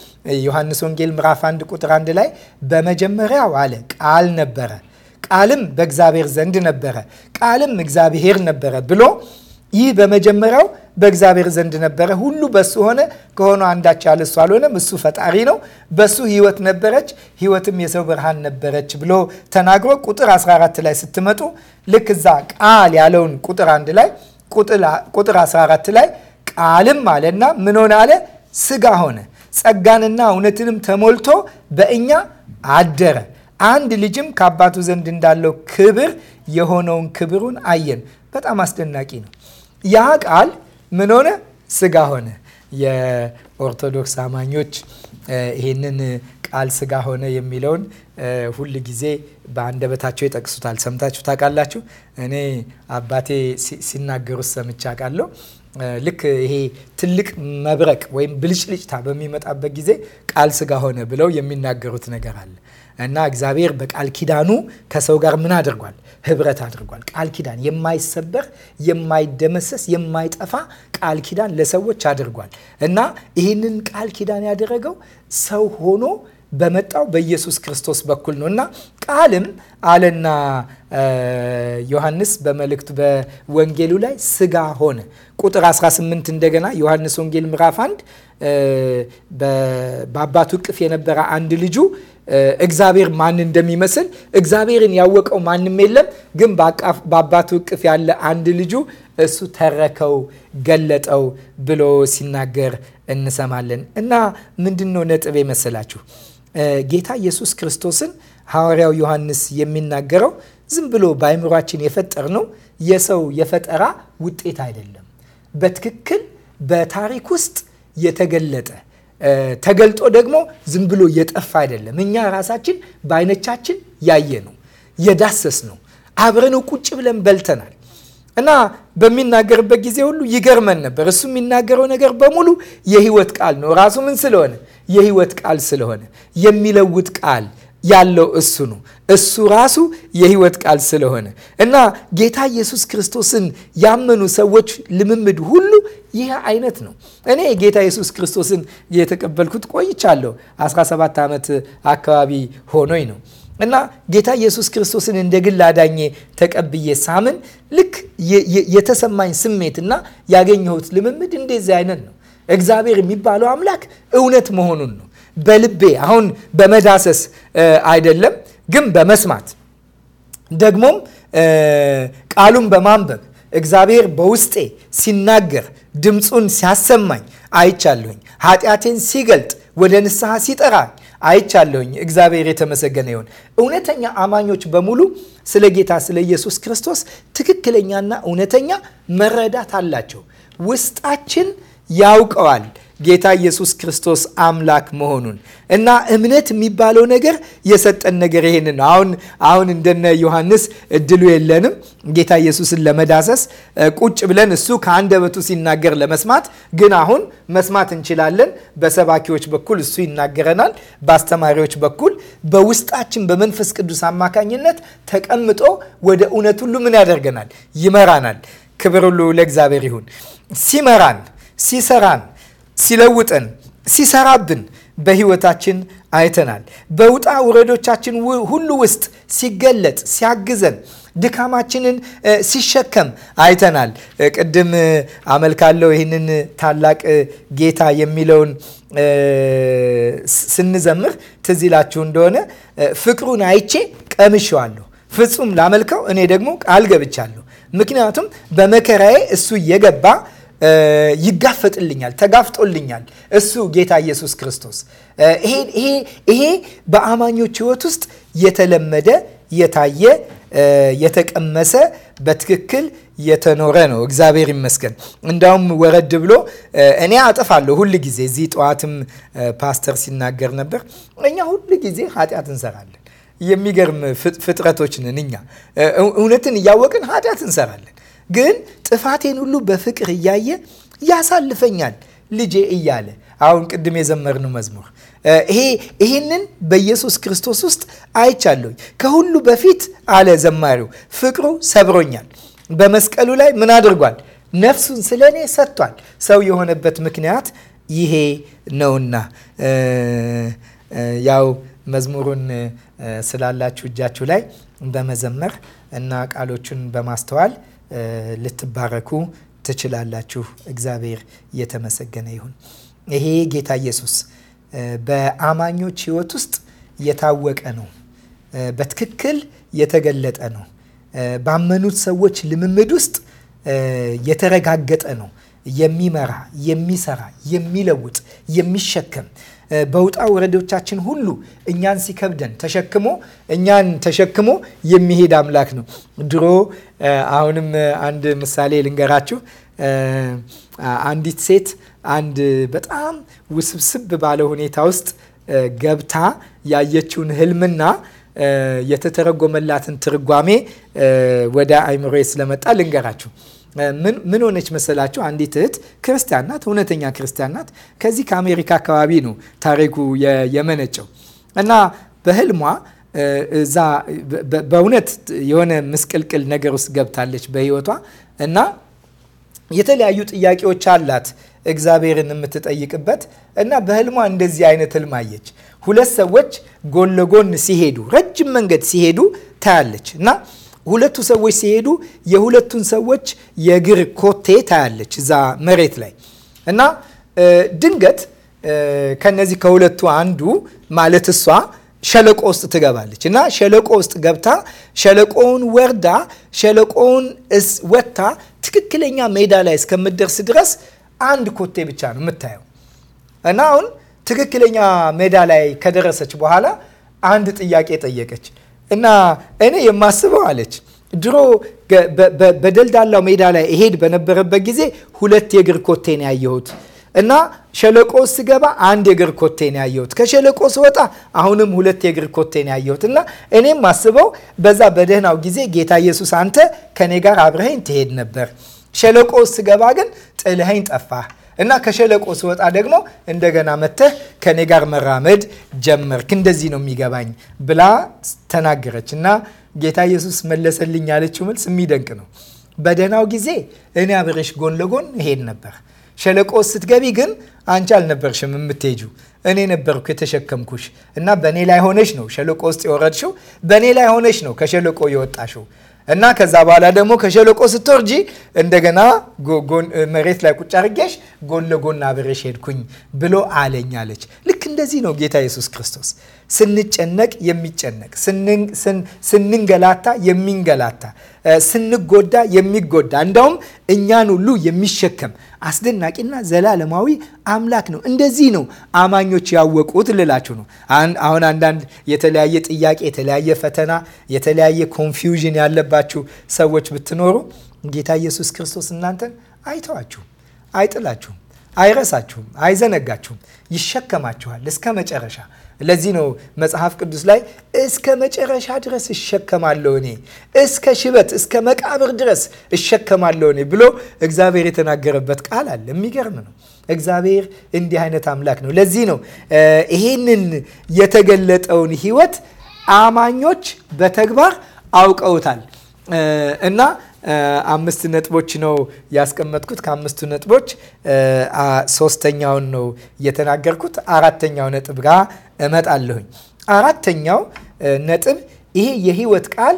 ዮሐንስ ወንጌል ምዕራፍ አንድ ቁጥር አንድ ላይ በመጀመሪያው አለ ቃል ነበረ፣ ቃልም በእግዚአብሔር ዘንድ ነበረ፣ ቃልም እግዚአብሔር ነበረ ብሎ ይህ በመጀመሪያው በእግዚአብሔር ዘንድ ነበረ። ሁሉ በሱ ሆነ፣ ከሆነ አንዳች ያለ እሱ አልሆነም። እሱ ፈጣሪ ነው። በሱ ህይወት ነበረች፣ ህይወትም የሰው ብርሃን ነበረች ብሎ ተናግሮ ቁጥር 14 ላይ ስትመጡ ልክ እዛ ቃል ያለውን ቁጥር አንድ ላይ ቁጥር 14 ላይ ቃልም አለና ምን ሆነ አለ ስጋ ሆነ፣ ጸጋንና እውነትንም ተሞልቶ በእኛ አደረ። አንድ ልጅም ከአባቱ ዘንድ እንዳለው ክብር የሆነውን ክብሩን አየን። በጣም አስደናቂ ነው። ያ ቃል ምን ሆነ? ስጋ ሆነ። የኦርቶዶክስ አማኞች ይህንን ቃል ስጋ ሆነ የሚለውን ሁል ጊዜ በአንደበታቸው ይጠቅሱታል። ሰምታችሁ ታውቃላችሁ? እኔ አባቴ ሲናገሩት ሰምቼ አውቃለሁ። ልክ ይሄ ትልቅ መብረቅ ወይም ብልጭልጭታ በሚመጣበት ጊዜ ቃል ስጋ ሆነ ብለው የሚናገሩት ነገር አለ እና እግዚአብሔር በቃል ኪዳኑ ከሰው ጋር ምን አድርጓል? ህብረት አድርጓል። ቃል ኪዳን የማይሰበር የማይደመሰስ የማይጠፋ ቃል ኪዳን ለሰዎች አድርጓል እና ይህንን ቃል ኪዳን ያደረገው ሰው ሆኖ በመጣው በኢየሱስ ክርስቶስ በኩል ነው እና ቃልም አለና ዮሐንስ በመልእክቱ በወንጌሉ ላይ ስጋ ሆነ። ቁጥር 18 እንደገና ዮሐንስ ወንጌል ምዕራፍ 1 በአባቱ እቅፍ የነበረ አንድ ልጁ እግዚአብሔር ማን እንደሚመስል እግዚአብሔርን ያወቀው ማንም የለም። ግን በአባቱ እቅፍ ያለ አንድ ልጁ እሱ ተረከው፣ ገለጠው ብሎ ሲናገር እንሰማለን። እና ምንድን ነው ነጥብ የመሰላችሁ ጌታ ኢየሱስ ክርስቶስን ሐዋርያው ዮሐንስ የሚናገረው ዝም ብሎ በአይምሯችን የፈጠር ነው የሰው የፈጠራ ውጤት አይደለም። በትክክል በታሪክ ውስጥ የተገለጠ ተገልጦ ደግሞ ዝም ብሎ እየጠፋ አይደለም። እኛ ራሳችን በአይኖቻችን ያየ ነው የዳሰስ ነው አብረን ቁጭ ብለን በልተናል እና በሚናገርበት ጊዜ ሁሉ ይገርመን ነበር። እሱ የሚናገረው ነገር በሙሉ የህይወት ቃል ነው። ራሱ ምን ስለሆነ የህይወት ቃል ስለሆነ የሚለውጥ ቃል ያለው እሱ ነው። እሱ ራሱ የህይወት ቃል ስለሆነ እና ጌታ ኢየሱስ ክርስቶስን ያመኑ ሰዎች ልምምድ ሁሉ ይህ አይነት ነው። እኔ ጌታ ኢየሱስ ክርስቶስን የተቀበልኩት ቆይቻለሁ። 17 ዓመት አካባቢ ሆኖኝ ነው እና ጌታ ኢየሱስ ክርስቶስን እንደ ግል አዳኜ ተቀብዬ ሳምን ልክ የተሰማኝ ስሜትና ያገኘሁት ልምምድ እንደዚህ አይነት ነው። እግዚአብሔር የሚባለው አምላክ እውነት መሆኑን ነው በልቤ አሁን በመዳሰስ አይደለም፣ ግን በመስማት ደግሞም ቃሉን በማንበብ እግዚአብሔር በውስጤ ሲናገር ድምፁን ሲያሰማኝ አይቻለሁኝ። ኃጢአቴን ሲገልጥ ወደ ንስሐ ሲጠራኝ አይቻለሁኝ። እግዚአብሔር የተመሰገነ ይሁን። እውነተኛ አማኞች በሙሉ ስለ ጌታ ስለ ኢየሱስ ክርስቶስ ትክክለኛና እውነተኛ መረዳት አላቸው። ውስጣችን ያውቀዋል። ጌታ ኢየሱስ ክርስቶስ አምላክ መሆኑን እና እምነት የሚባለው ነገር የሰጠን ነገር ይሄንን ነው። አሁን አሁን እንደነ ዮሐንስ እድሉ የለንም ጌታ ኢየሱስን ለመዳሰስ ቁጭ ብለን እሱ ከአንደበቱ ሲናገር ለመስማት ግን አሁን መስማት እንችላለን። በሰባኪዎች በኩል እሱ ይናገረናል፣ በአስተማሪዎች በኩል በውስጣችን በመንፈስ ቅዱስ አማካኝነት ተቀምጦ ወደ እውነት ሁሉ ምን ያደርገናል? ይመራናል። ክብር ሁሉ ለእግዚአብሔር ይሁን። ሲመራን ሲሰራን ሲለውጠን ሲሰራብን በህይወታችን አይተናል። በውጣ ውረዶቻችን ሁሉ ውስጥ ሲገለጥ ሲያግዘን ድካማችንን ሲሸከም አይተናል። ቅድም አመልካለሁ ይህንን ታላቅ ጌታ የሚለውን ስንዘምር ትዝ ይላችሁ እንደሆነ ፍቅሩን አይቼ ቀምሼዋለሁ፣ ፍጹም ላመልከው እኔ ደግሞ ቃል ገብቻለሁ። ምክንያቱም በመከራዬ እሱ እየገባ ይጋፈጥልኛል፣ ተጋፍጦልኛል እሱ ጌታ ኢየሱስ ክርስቶስ። ይሄ በአማኞች ሕይወት ውስጥ የተለመደ የታየ የተቀመሰ በትክክል የተኖረ ነው። እግዚአብሔር ይመስገን። እንዳውም ወረድ ብሎ እኔ አጠፋለሁ ሁል ጊዜ እዚህ ጠዋትም ፓስተር ሲናገር ነበር። እኛ ሁል ጊዜ ኃጢአት እንሰራለን። የሚገርም ፍጥረቶች ነን እኛ። እውነትን እያወቅን ኃጢአት እንሰራለን። ግን ጥፋቴን ሁሉ በፍቅር እያየ ያሳልፈኛል ልጄ እያለ አሁን ቅድም የዘመርነው መዝሙር ይሄ ይሄንን በኢየሱስ ክርስቶስ ውስጥ አይቻለሁ ከሁሉ በፊት አለ ዘማሪው፣ ፍቅሩ ሰብሮኛል። በመስቀሉ ላይ ምን አድርጓል? ነፍሱን ስለ እኔ ሰጥቷል። ሰው የሆነበት ምክንያት ይሄ ነውና ያው መዝሙሩን ስላላችሁ እጃችሁ ላይ በመዘመር እና ቃሎቹን በማስተዋል ልትባረኩ ትችላላችሁ። እግዚአብሔር እየተመሰገነ ይሁን። ይሄ ጌታ ኢየሱስ በአማኞች ሕይወት ውስጥ የታወቀ ነው። በትክክል የተገለጠ ነው። ባመኑት ሰዎች ልምምድ ውስጥ የተረጋገጠ ነው። የሚመራ፣ የሚሰራ፣ የሚለውጥ፣ የሚሸከም በውጣ ወረዶቻችን ሁሉ እኛን ሲከብደን ተሸክሞ እኛን ተሸክሞ የሚሄድ አምላክ ነው። ድሮ አሁንም አንድ ምሳሌ ልንገራችሁ። አንዲት ሴት አንድ በጣም ውስብስብ ባለ ሁኔታ ውስጥ ገብታ ያየችውን ህልምና የተተረጎመላትን ትርጓሜ ወደ አይምሮ ስለመጣ ልንገራችሁ። ምን ሆነች መሰላችሁ? አንዲት እህት ክርስቲያን ናት፣ እውነተኛ ክርስቲያን ናት። ከዚህ ከአሜሪካ አካባቢ ነው ታሪኩ የመነጨው እና በህልሟ እዛ በእውነት የሆነ ምስቅልቅል ነገር ውስጥ ገብታለች በህይወቷ እና የተለያዩ ጥያቄዎች አላት እግዚአብሔርን የምትጠይቅበት እና በህልሟ እንደዚህ አይነት ህልም አየች። ሁለት ሰዎች ጎን ለጎን ሲሄዱ፣ ረጅም መንገድ ሲሄዱ ታያለች እና ሁለቱ ሰዎች ሲሄዱ የሁለቱን ሰዎች የእግር ኮቴ ታያለች እዛ መሬት ላይ እና ድንገት ከነዚህ ከሁለቱ አንዱ ማለት እሷ ሸለቆ ውስጥ ትገባለች እና ሸለቆ ውስጥ ገብታ ሸለቆውን ወርዳ ሸለቆውን ወጥታ ትክክለኛ ሜዳ ላይ እስከምትደርስ ድረስ አንድ ኮቴ ብቻ ነው የምታየው። እና አሁን ትክክለኛ ሜዳ ላይ ከደረሰች በኋላ አንድ ጥያቄ ጠየቀች። እና እኔ የማስበው አለች ድሮ በደልዳላው ሜዳ ላይ እሄድ በነበረበት ጊዜ ሁለት የእግር ኮቴን ያየሁት እና ሸለቆ ስገባ አንድ የእግር ኮቴን ያየሁት፣ ከሸለቆ ስወጣ አሁንም ሁለት የእግር ኮቴን ያየሁት እና እኔም አስበው በዛ በደህናው ጊዜ ጌታ ኢየሱስ አንተ ከኔ ጋር አብረኸኝ ትሄድ ነበር፣ ሸለቆ ስገባ ግን ጥልኸኝ ጠፋህ እና ከሸለቆ ስወጣ ደግሞ እንደገና መተህ ከኔ ጋር መራመድ ጀመርክ፣ እንደዚህ ነው የሚገባኝ ብላ ተናገረች። እና ጌታ ኢየሱስ መለሰልኝ ያለችው መልስ የሚደንቅ ነው። በደህናው ጊዜ እኔ አብሬሽ ጎን ለጎን እሄድ ነበር። ሸለቆ ስትገቢ ግን አንቺ አልነበርሽም የምትሄጁ፣ እኔ ነበርኩ የተሸከምኩሽ። እና በእኔ ላይ ሆነሽ ነው ሸለቆ ውስጥ የወረድሽው፣ በእኔ ላይ ሆነሽ ነው ከሸለቆ የወጣሽው። እና ከዛ በኋላ ደግሞ ከሸለቆ ስትወርጂ እንደገና መሬት ላይ ቁጭ አርጌሽ ጎን ለጎን አብሬሽ ሄድኩኝ ብሎ አለኝ አለች። ልክ እንደዚህ ነው ጌታ ኢየሱስ ክርስቶስ ስንጨነቅ የሚጨነቅ፣ ስንንገላታ የሚንገላታ፣ ስንጎዳ የሚጎዳ፣ እንዳውም እኛን ሁሉ የሚሸከም አስደናቂና ዘላለማዊ አምላክ ነው። እንደዚህ ነው አማኞች ያወቁት ልላችሁ ነው። አሁን አንዳንድ የተለያየ ጥያቄ፣ የተለያየ ፈተና፣ የተለያየ ኮንፊውዥን ያለባችሁ ሰዎች ብትኖሩ ጌታ ኢየሱስ ክርስቶስ እናንተን አይተዋችሁም፣ አይጥላችሁም አይረሳችሁም፣ አይዘነጋችሁም፣ ይሸከማችኋል እስከ መጨረሻ። ለዚህ ነው መጽሐፍ ቅዱስ ላይ እስከ መጨረሻ ድረስ እሸከማለሁ እኔ እስከ ሽበት እስከ መቃብር ድረስ እሸከማለሁ እኔ ብሎ እግዚአብሔር የተናገረበት ቃል አለ። የሚገርም ነው። እግዚአብሔር እንዲህ አይነት አምላክ ነው። ለዚህ ነው ይህንን የተገለጠውን ሕይወት አማኞች በተግባር አውቀውታል እና አምስት ነጥቦች ነው ያስቀመጥኩት። ከአምስቱ ነጥቦች ሶስተኛውን ነው የተናገርኩት። አራተኛው ነጥብ ጋር እመጣለሁኝ። አራተኛው ነጥብ ይሄ የህይወት ቃል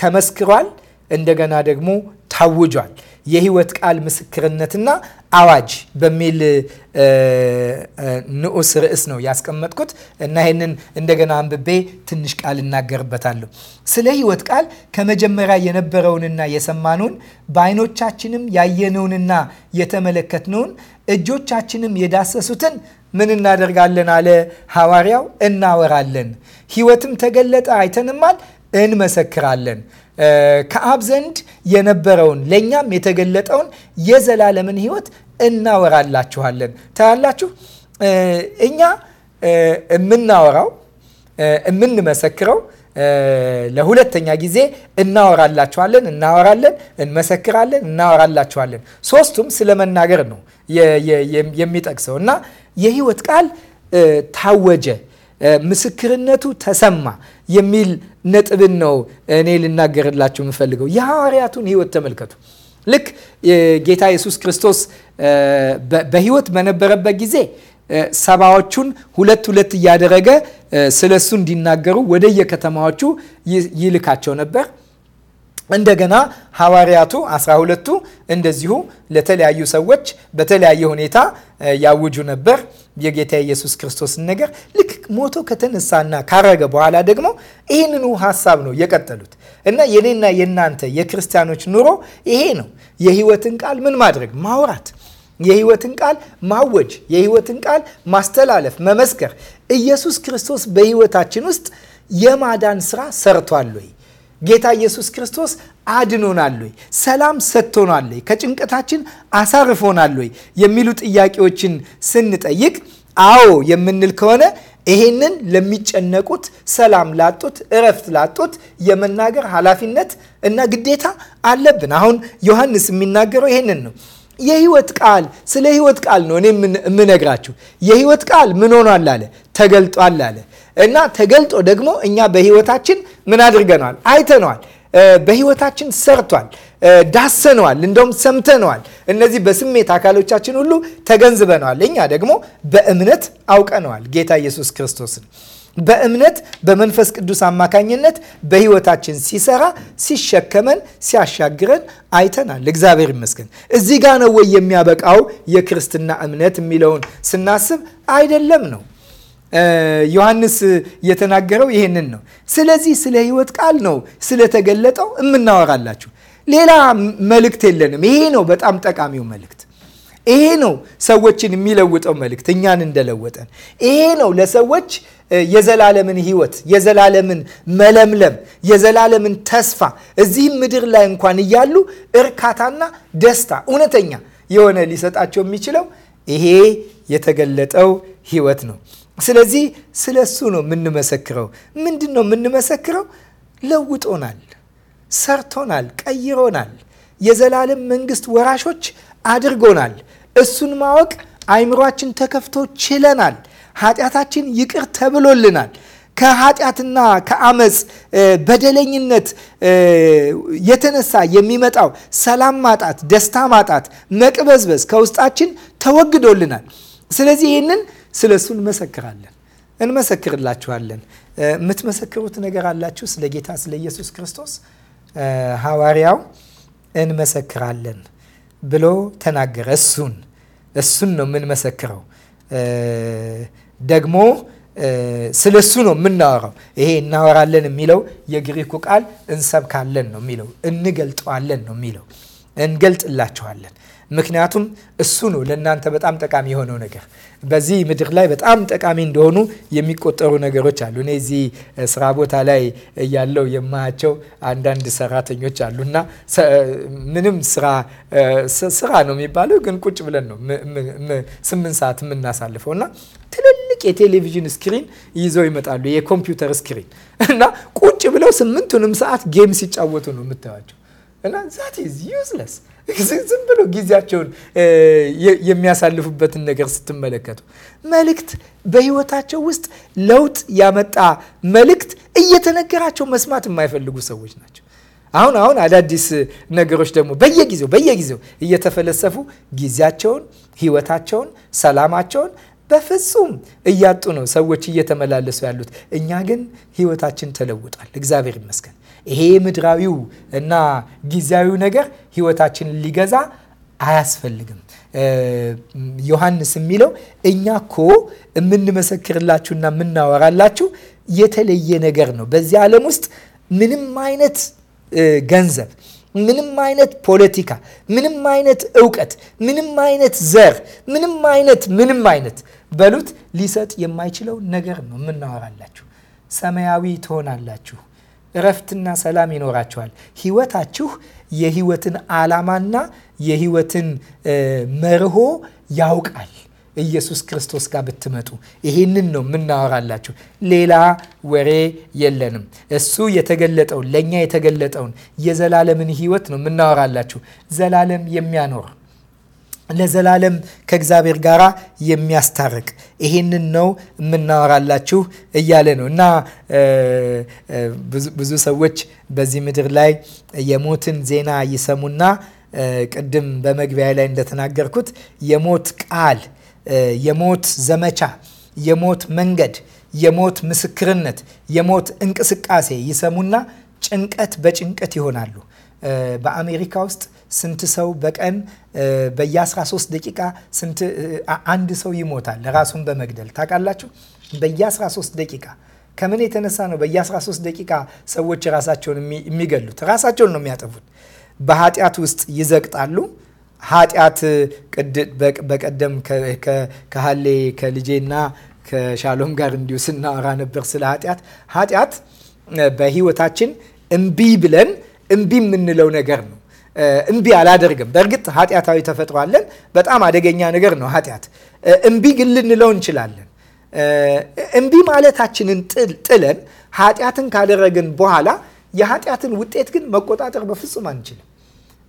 ተመስክሯል፣ እንደገና ደግሞ ታውጇል። የህይወት ቃል ምስክርነትና አዋጅ በሚል ንዑስ ርዕስ ነው ያስቀመጥኩት እና ይህንን እንደገና አንብቤ ትንሽ ቃል እናገርበታለሁ። ስለ ህይወት ቃል ከመጀመሪያ የነበረውንና የሰማነውን በአይኖቻችንም ያየነውንና የተመለከትነውን እጆቻችንም የዳሰሱትን ምን እናደርጋለን አለ ሐዋርያው፣ እናወራለን። ህይወትም ተገለጠ አይተንማል፣ እንመሰክራለን ከአብ ዘንድ የነበረውን ለእኛም የተገለጠውን የዘላለምን ህይወት እናወራላችኋለን። ታያላችሁ እኛ የምናወራው የምንመሰክረው ለሁለተኛ ጊዜ እናወራላችኋለን፣ እናወራለን፣ እንመሰክራለን፣ እናወራላችኋለን። ሶስቱም ስለ መናገር ነው የሚጠቅሰው እና የህይወት ቃል ታወጀ ምስክርነቱ ተሰማ የሚል ነጥብን ነው እኔ ልናገርላችሁ የምፈልገው። የሐዋርያቱን ህይወት ተመልከቱ። ልክ ጌታ ኢየሱስ ክርስቶስ በህይወት በነበረበት ጊዜ ሰባዎቹን ሁለት ሁለት እያደረገ ስለ እሱ እንዲናገሩ ወደየከተማዎቹ ይልካቸው ነበር። እንደገና ሐዋርያቱ አስራ ሁለቱ እንደዚሁ ለተለያዩ ሰዎች በተለያየ ሁኔታ ያውጁ ነበር የጌታ ኢየሱስ ክርስቶስን ነገር። ልክ ሞቶ ከተነሳና ካረገ በኋላ ደግሞ ይህንኑ ሀሳብ ነው የቀጠሉት እና የኔና የእናንተ የክርስቲያኖች ኑሮ ይሄ ነው። የህይወትን ቃል ምን ማድረግ ማውራት፣ የህይወትን ቃል ማወጅ፣ የህይወትን ቃል ማስተላለፍ፣ መመስከር ኢየሱስ ክርስቶስ በህይወታችን ውስጥ የማዳን ስራ ሰርቷል ወይ ጌታ ኢየሱስ ክርስቶስ አድኖናል ወይ? ሰላም ሰጥቶናል ወይ? ከጭንቀታችን አሳርፎናል ወይ? የሚሉ ጥያቄዎችን ስንጠይቅ አዎ የምንል ከሆነ ይሄንን ለሚጨነቁት፣ ሰላም ላጡት፣ እረፍት ላጡት የመናገር ኃላፊነት እና ግዴታ አለብን። አሁን ዮሐንስ የሚናገረው ይሄንን ነው። የህይወት ቃል ስለ ህይወት ቃል ነው እኔ የምነግራችሁ። የህይወት ቃል ምን ሆኗል አለ? ተገልጧል አለ። እና ተገልጦ ደግሞ እኛ በህይወታችን ምን አድርገነዋል? አይተነዋል። በህይወታችን ሰርቷል፣ ዳሰነዋል፣ እንደውም ሰምተነዋል። እነዚህ በስሜት አካሎቻችን ሁሉ ተገንዝበነዋል። እኛ ደግሞ በእምነት አውቀነዋል ጌታ ኢየሱስ ክርስቶስን በእምነት በመንፈስ ቅዱስ አማካኝነት በህይወታችን ሲሰራ ሲሸከመን ሲያሻግረን አይተናል። እግዚአብሔር ይመስገን። እዚህ ጋር ነው ወይ የሚያበቃው የክርስትና እምነት የሚለውን ስናስብ አይደለም ነው ዮሐንስ የተናገረው ይሄንን ነው። ስለዚህ ስለ ህይወት ቃል ነው ስለተገለጠው የምናወራላችሁ። ሌላ መልእክት የለንም። ይሄ ነው በጣም ጠቃሚው መልእክት። ይሄ ነው ሰዎችን የሚለውጠው መልእክት እኛን እንደለወጠን። ይሄ ነው ለሰዎች የዘላለምን ህይወት የዘላለምን መለምለም የዘላለምን ተስፋ እዚህም ምድር ላይ እንኳን እያሉ እርካታና ደስታ እውነተኛ የሆነ ሊሰጣቸው የሚችለው ይሄ የተገለጠው ህይወት ነው። ስለዚህ ስለ እሱ ነው የምንመሰክረው። ምንድን ነው የምንመሰክረው? ለውጦናል፣ ሰርቶናል፣ ቀይሮናል፣ የዘላለም መንግስት ወራሾች አድርጎናል። እሱን ማወቅ አይምሯችን ተከፍቶ ችለናል። ኃጢአታችን ይቅር ተብሎልናል። ከኃጢአትና ከአመፅ በደለኝነት የተነሳ የሚመጣው ሰላም ማጣት፣ ደስታ ማጣት፣ መቅበዝበዝ ከውስጣችን ተወግዶልናል። ስለዚህ ይህንን ስለ እሱ እንመሰክራለን እንመሰክርላችኋለን። የምትመሰክሩት ነገር አላችሁ ስለ ጌታ ስለ ኢየሱስ ክርስቶስ ሐዋርያው እንመሰክራለን ብሎ ተናገረ። እሱን እሱን ነው የምንመሰክረው ደግሞ ስለ እሱ ነው የምናወራው። ይሄ እናወራለን የሚለው የግሪኩ ቃል እንሰብካለን ነው የሚለው፣ እንገልጠዋለን ነው የሚለው፣ እንገልጥላችኋለን ምክንያቱም እሱ ነው ለእናንተ በጣም ጠቃሚ የሆነው ነገር። በዚህ ምድር ላይ በጣም ጠቃሚ እንደሆኑ የሚቆጠሩ ነገሮች አሉ። እኔ እዚህ ስራ ቦታ ላይ ያለው የማያቸው አንዳንድ ሰራተኞች አሉ እና ምንም ስራ ስራ ነው የሚባለው ግን ቁጭ ብለን ነው ስምንት ሰዓት የምናሳልፈው እና ትልልቅ የቴሌቪዥን ስክሪን ይዘው ይመጣሉ፣ የኮምፒውተር ስክሪን *laughs* እና ቁጭ ብለው ስምንቱንም ሰዓት ጌም ሲጫወቱ ነው የምታያቸው እና ዛት ዩዝለስ ዝም ብሎ ጊዜያቸውን የሚያሳልፉበትን ነገር ስትመለከቱ መልእክት በህይወታቸው ውስጥ ለውጥ ያመጣ መልእክት እየተነገራቸው መስማት የማይፈልጉ ሰዎች ናቸው። አሁን አሁን አዳዲስ ነገሮች ደግሞ በየጊዜው በየጊዜው እየተፈለሰፉ ጊዜያቸውን፣ ህይወታቸውን፣ ሰላማቸውን በፍጹም እያጡ ነው ሰዎች እየተመላለሱ ያሉት። እኛ ግን ህይወታችን ተለውጧል። እግዚአብሔር ይመስገን። ይሄ ምድራዊው እና ጊዜያዊው ነገር ህይወታችንን ሊገዛ አያስፈልግም። ዮሐንስ የሚለው እኛ ኮ የምንመሰክርላችሁና የምናወራላችሁ የተለየ ነገር ነው። በዚህ ዓለም ውስጥ ምንም አይነት ገንዘብ፣ ምንም አይነት ፖለቲካ፣ ምንም አይነት እውቀት፣ ምንም አይነት ዘር፣ ምንም አይነት ምንም አይነት በሉት ሊሰጥ የማይችለው ነገር ነው የምናወራላችሁ። ሰማያዊ ትሆናላችሁ እረፍትና ሰላም ይኖራችኋል። ህይወታችሁ የህይወትን ዓላማና የህይወትን መርሆ ያውቃል። ኢየሱስ ክርስቶስ ጋር ብትመጡ ይሄንን ነው የምናወራላችሁ። ሌላ ወሬ የለንም። እሱ የተገለጠውን ለእኛ የተገለጠውን የዘላለምን ህይወት ነው የምናወራላችሁ። ዘላለም የሚያኖር ለዘላለም ከእግዚአብሔር ጋር የሚያስታርቅ ይሄንን ነው የምናወራላችሁ እያለ ነው እና ብዙ ሰዎች በዚህ ምድር ላይ የሞትን ዜና ይሰሙና ቅድም በመግቢያ ላይ እንደተናገርኩት የሞት ቃል፣ የሞት ዘመቻ፣ የሞት መንገድ፣ የሞት ምስክርነት፣ የሞት እንቅስቃሴ ይሰሙና ጭንቀት በጭንቀት ይሆናሉ። በአሜሪካ ውስጥ ስንት ሰው በቀን በየ13 ደቂቃ ስንት አንድ ሰው ይሞታል ራሱን በመግደል ታውቃላችሁ? በየ13 ደቂቃ ከምን የተነሳ ነው በየ13 ደቂቃ ሰዎች ራሳቸውን የሚገሉት? ራሳቸውን ነው የሚያጠፉት። በኃጢአት ውስጥ ይዘቅጣሉ። ኃጢአት በቀደም ከሀሌ ከልጄና ከሻሎም ጋር እንዲሁ ስናወራ ነበር ስለ ኃጢአት። ኃጢአት በህይወታችን እምቢ ብለን እምቢ የምንለው ነገር ነው። እምቢ አላደርግም። በእርግጥ ኃጢአታዊ ተፈጥሮ አለን። በጣም አደገኛ ነገር ነው ኃጢአት። እምቢ ግን ልንለው እንችላለን። እምቢ ማለታችንን ጥለን ኃጢአትን ካደረግን በኋላ የኃጢአትን ውጤት ግን መቆጣጠር በፍጹም አንችልም።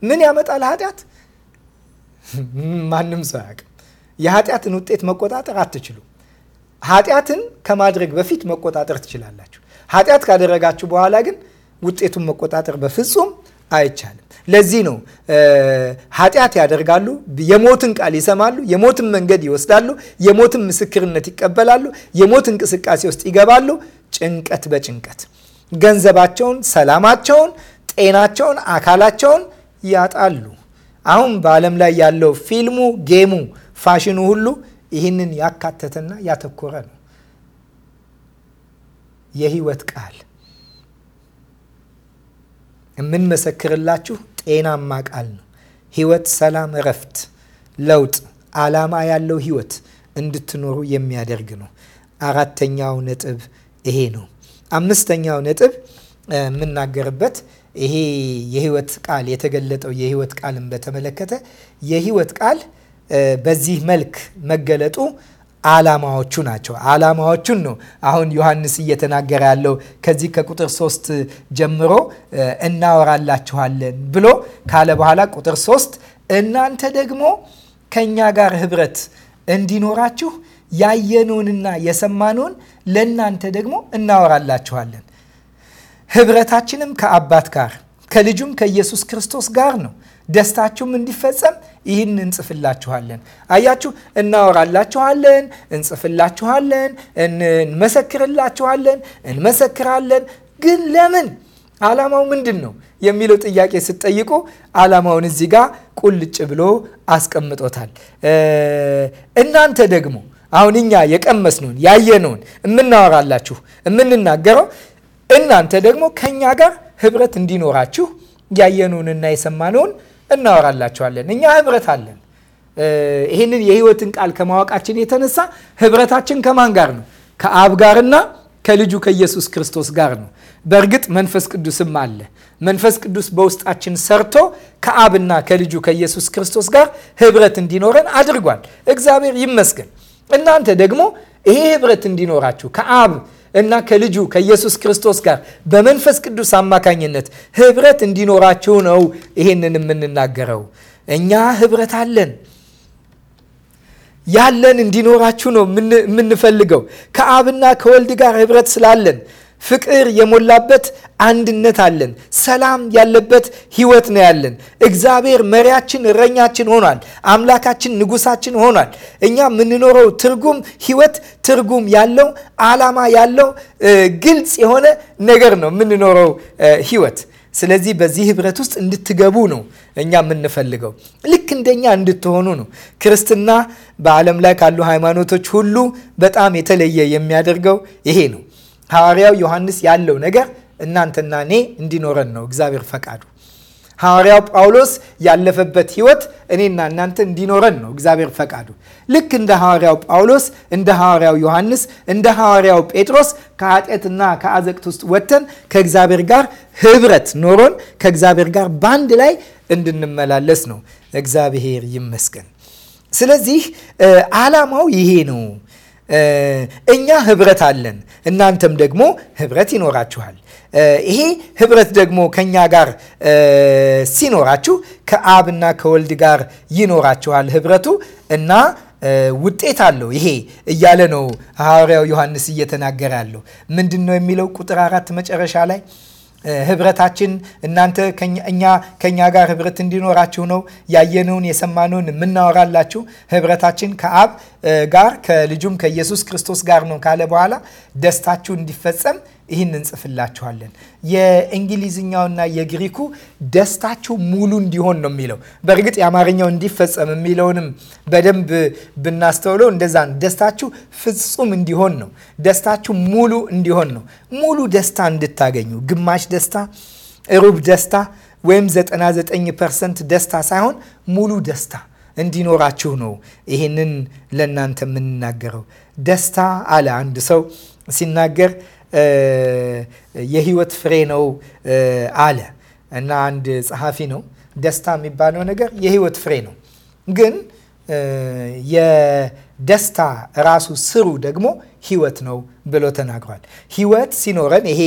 ምን ያመጣል ኃጢአት? *laughs* ማንም ሰው አያውቅም። የኃጢአትን ውጤት መቆጣጠር አትችሉም። ኃጢአትን ከማድረግ በፊት መቆጣጠር ትችላላችሁ። ኃጢአት ካደረጋችሁ በኋላ ግን ውጤቱን መቆጣጠር በፍጹም አይቻልም። ለዚህ ነው ኃጢአት ያደርጋሉ፣ የሞትን ቃል ይሰማሉ፣ የሞትን መንገድ ይወስዳሉ፣ የሞትን ምስክርነት ይቀበላሉ፣ የሞት እንቅስቃሴ ውስጥ ይገባሉ። ጭንቀት በጭንቀት ገንዘባቸውን፣ ሰላማቸውን፣ ጤናቸውን፣ አካላቸውን ያጣሉ። አሁን በዓለም ላይ ያለው ፊልሙ፣ ጌሙ፣ ፋሽኑ ሁሉ ይህንን ያካተተና ያተኮረ ነው። የህይወት ቃል የምንመሰክርላችሁ ጤናማ ቃል ነው። ህይወት፣ ሰላም፣ እረፍት፣ ለውጥ፣ አላማ ያለው ህይወት እንድትኖሩ የሚያደርግ ነው። አራተኛው ነጥብ ይሄ ነው። አምስተኛው ነጥብ የምናገርበት ይሄ የህይወት ቃል የተገለጠው የህይወት ቃልን በተመለከተ የህይወት ቃል በዚህ መልክ መገለጡ አላማዎቹ ናቸው። አላማዎቹን ነው አሁን ዮሐንስ እየተናገረ ያለው። ከዚህ ከቁጥር ሶስት ጀምሮ እናወራላችኋለን ብሎ ካለ በኋላ ቁጥር ሶስት እናንተ ደግሞ ከእኛ ጋር ህብረት እንዲኖራችሁ ያየነውንና የሰማነውን ለእናንተ ደግሞ እናወራላችኋለን። ህብረታችንም ከአባት ጋር ከልጁም ከኢየሱስ ክርስቶስ ጋር ነው። ደስታችሁም እንዲፈጸም ይህን እንጽፍላችኋለን። አያችሁ፣ እናወራላችኋለን፣ እንጽፍላችኋለን፣ እንመሰክርላችኋለን፣ እንመሰክራለን። ግን ለምን? ዓላማው ምንድን ነው የሚለው ጥያቄ ስትጠይቁ ዓላማውን እዚህ ጋር ቁልጭ ብሎ አስቀምጦታል። እናንተ ደግሞ አሁን እኛ የቀመስነውን ያየነውን የምናወራላችሁ የምንናገረው እናንተ ደግሞ ከእኛ ጋር ህብረት እንዲኖራችሁ ያየነውንና የሰማነውን እናወራላቸዋለን እኛ ህብረት አለን። ይህንን የህይወትን ቃል ከማወቃችን የተነሳ ህብረታችን ከማን ጋር ነው? ከአብ ጋርና ከልጁ ከኢየሱስ ክርስቶስ ጋር ነው። በእርግጥ መንፈስ ቅዱስም አለ። መንፈስ ቅዱስ በውስጣችን ሰርቶ ከአብና ከልጁ ከኢየሱስ ክርስቶስ ጋር ህብረት እንዲኖረን አድርጓል። እግዚአብሔር ይመስገን። እናንተ ደግሞ ይሄ ህብረት እንዲኖራችሁ ከአብ እና ከልጁ ከኢየሱስ ክርስቶስ ጋር በመንፈስ ቅዱስ አማካኝነት ህብረት እንዲኖራቸው ነው ይሄንን የምንናገረው። እኛ ህብረት አለን ያለን እንዲኖራችሁ ነው የምንፈልገው። ከአብና ከወልድ ጋር ህብረት ስላለን ፍቅር የሞላበት አንድነት አለን። ሰላም ያለበት ህይወት ነው ያለን። እግዚአብሔር መሪያችን፣ እረኛችን ሆኗል። አምላካችን ንጉሳችን ሆኗል። እኛ የምንኖረው ትርጉም ህይወት ትርጉም ያለው አላማ ያለው ግልጽ የሆነ ነገር ነው የምንኖረው ህይወት። ስለዚህ በዚህ ህብረት ውስጥ እንድትገቡ ነው እኛ የምንፈልገው። ልክ እንደኛ እንድትሆኑ ነው። ክርስትና በዓለም ላይ ካሉ ሃይማኖቶች ሁሉ በጣም የተለየ የሚያደርገው ይሄ ነው። ሐዋርያው ዮሐንስ ያለው ነገር እናንተና እኔ እንዲኖረን ነው እግዚአብሔር ፈቃዱ። ሐዋርያው ጳውሎስ ያለፈበት ሕይወት እኔና እናንተ እንዲኖረን ነው እግዚአብሔር ፈቃዱ። ልክ እንደ ሐዋርያው ጳውሎስ፣ እንደ ሐዋርያው ዮሐንስ፣ እንደ ሐዋርያው ጴጥሮስ ከኃጢአትና ከአዘቅት ውስጥ ወጥተን ከእግዚአብሔር ጋር ህብረት ኖሮን ከእግዚአብሔር ጋር በአንድ ላይ እንድንመላለስ ነው። እግዚአብሔር ይመስገን። ስለዚህ ዓላማው ይሄ ነው። እኛ ህብረት አለን፣ እናንተም ደግሞ ህብረት ይኖራችኋል። ይሄ ህብረት ደግሞ ከእኛ ጋር ሲኖራችሁ ከአብና ከወልድ ጋር ይኖራችኋል ህብረቱ እና ውጤት አለው ይሄ እያለ ነው ሐዋርያው ዮሐንስ እየተናገረ ያለው ምንድን ነው የሚለው ቁጥር አራት መጨረሻ ላይ ህብረታችን እናንተ እኛ ከኛ ጋር ህብረት እንዲኖራችሁ ነው ያየነውን የሰማነውን የምናወራላችሁ። ህብረታችን ከአብ ጋር ከልጁም ከኢየሱስ ክርስቶስ ጋር ነው ካለ በኋላ ደስታችሁ እንዲፈጸም ይህን እንጽፍላችኋለን። የእንግሊዝኛውና የግሪኩ ደስታችሁ ሙሉ እንዲሆን ነው የሚለው። በእርግጥ የአማርኛው እንዲፈጸም የሚለውንም በደንብ ብናስተውለው እንደዛ ደስታችሁ ፍጹም እንዲሆን ነው። ደስታችሁ ሙሉ እንዲሆን ነው። ሙሉ ደስታ እንድታገኙ፣ ግማሽ ደስታ፣ ሩብ ደስታ ወይም 99 ፐርሰንት ደስታ ሳይሆን ሙሉ ደስታ እንዲኖራችሁ ነው። ይህንን ለእናንተ የምንናገረው ደስታ አለ አንድ ሰው ሲናገር የህይወት ፍሬ ነው አለ እና አንድ ጸሐፊ ነው። ደስታ የሚባለው ነገር የህይወት ፍሬ ነው። ግን የደስታ ራሱ ስሩ ደግሞ ህይወት ነው ብሎ ተናግሯል። ህይወት ሲኖረን ይሄ